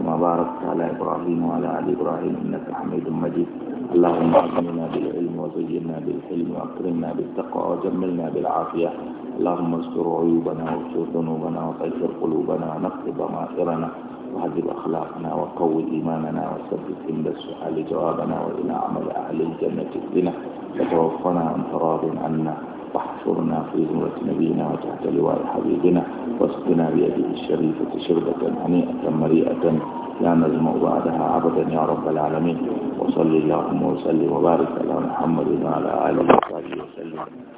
كما باركت على إبراهيم وعلى آل إبراهيم إنك حميد مجيد اللهم أكرمنا بالعلم وزينا بالحلم وأكرمنا بالتقوى وجملنا بالعافية اللهم استر عيوبنا واستر ذنوبنا وطهر قلوبنا ونقض ضمائرنا وهذب أخلاقنا وقوي إيماننا وثبت عند السؤال جوابنا وإلى عمل أهل الجنة اهدنا وتوفنا أنت راض عنا واحفرنا في زمرة نبينا وتحت لواء حبيبنا واسقنا بيده الشريفة شربة هنيئة مريئة لا نزمع بعدها عبدا يا رب العالمين وصلي اللهم وسلم وبارك على محمد وعلى آله وصحبه وسلم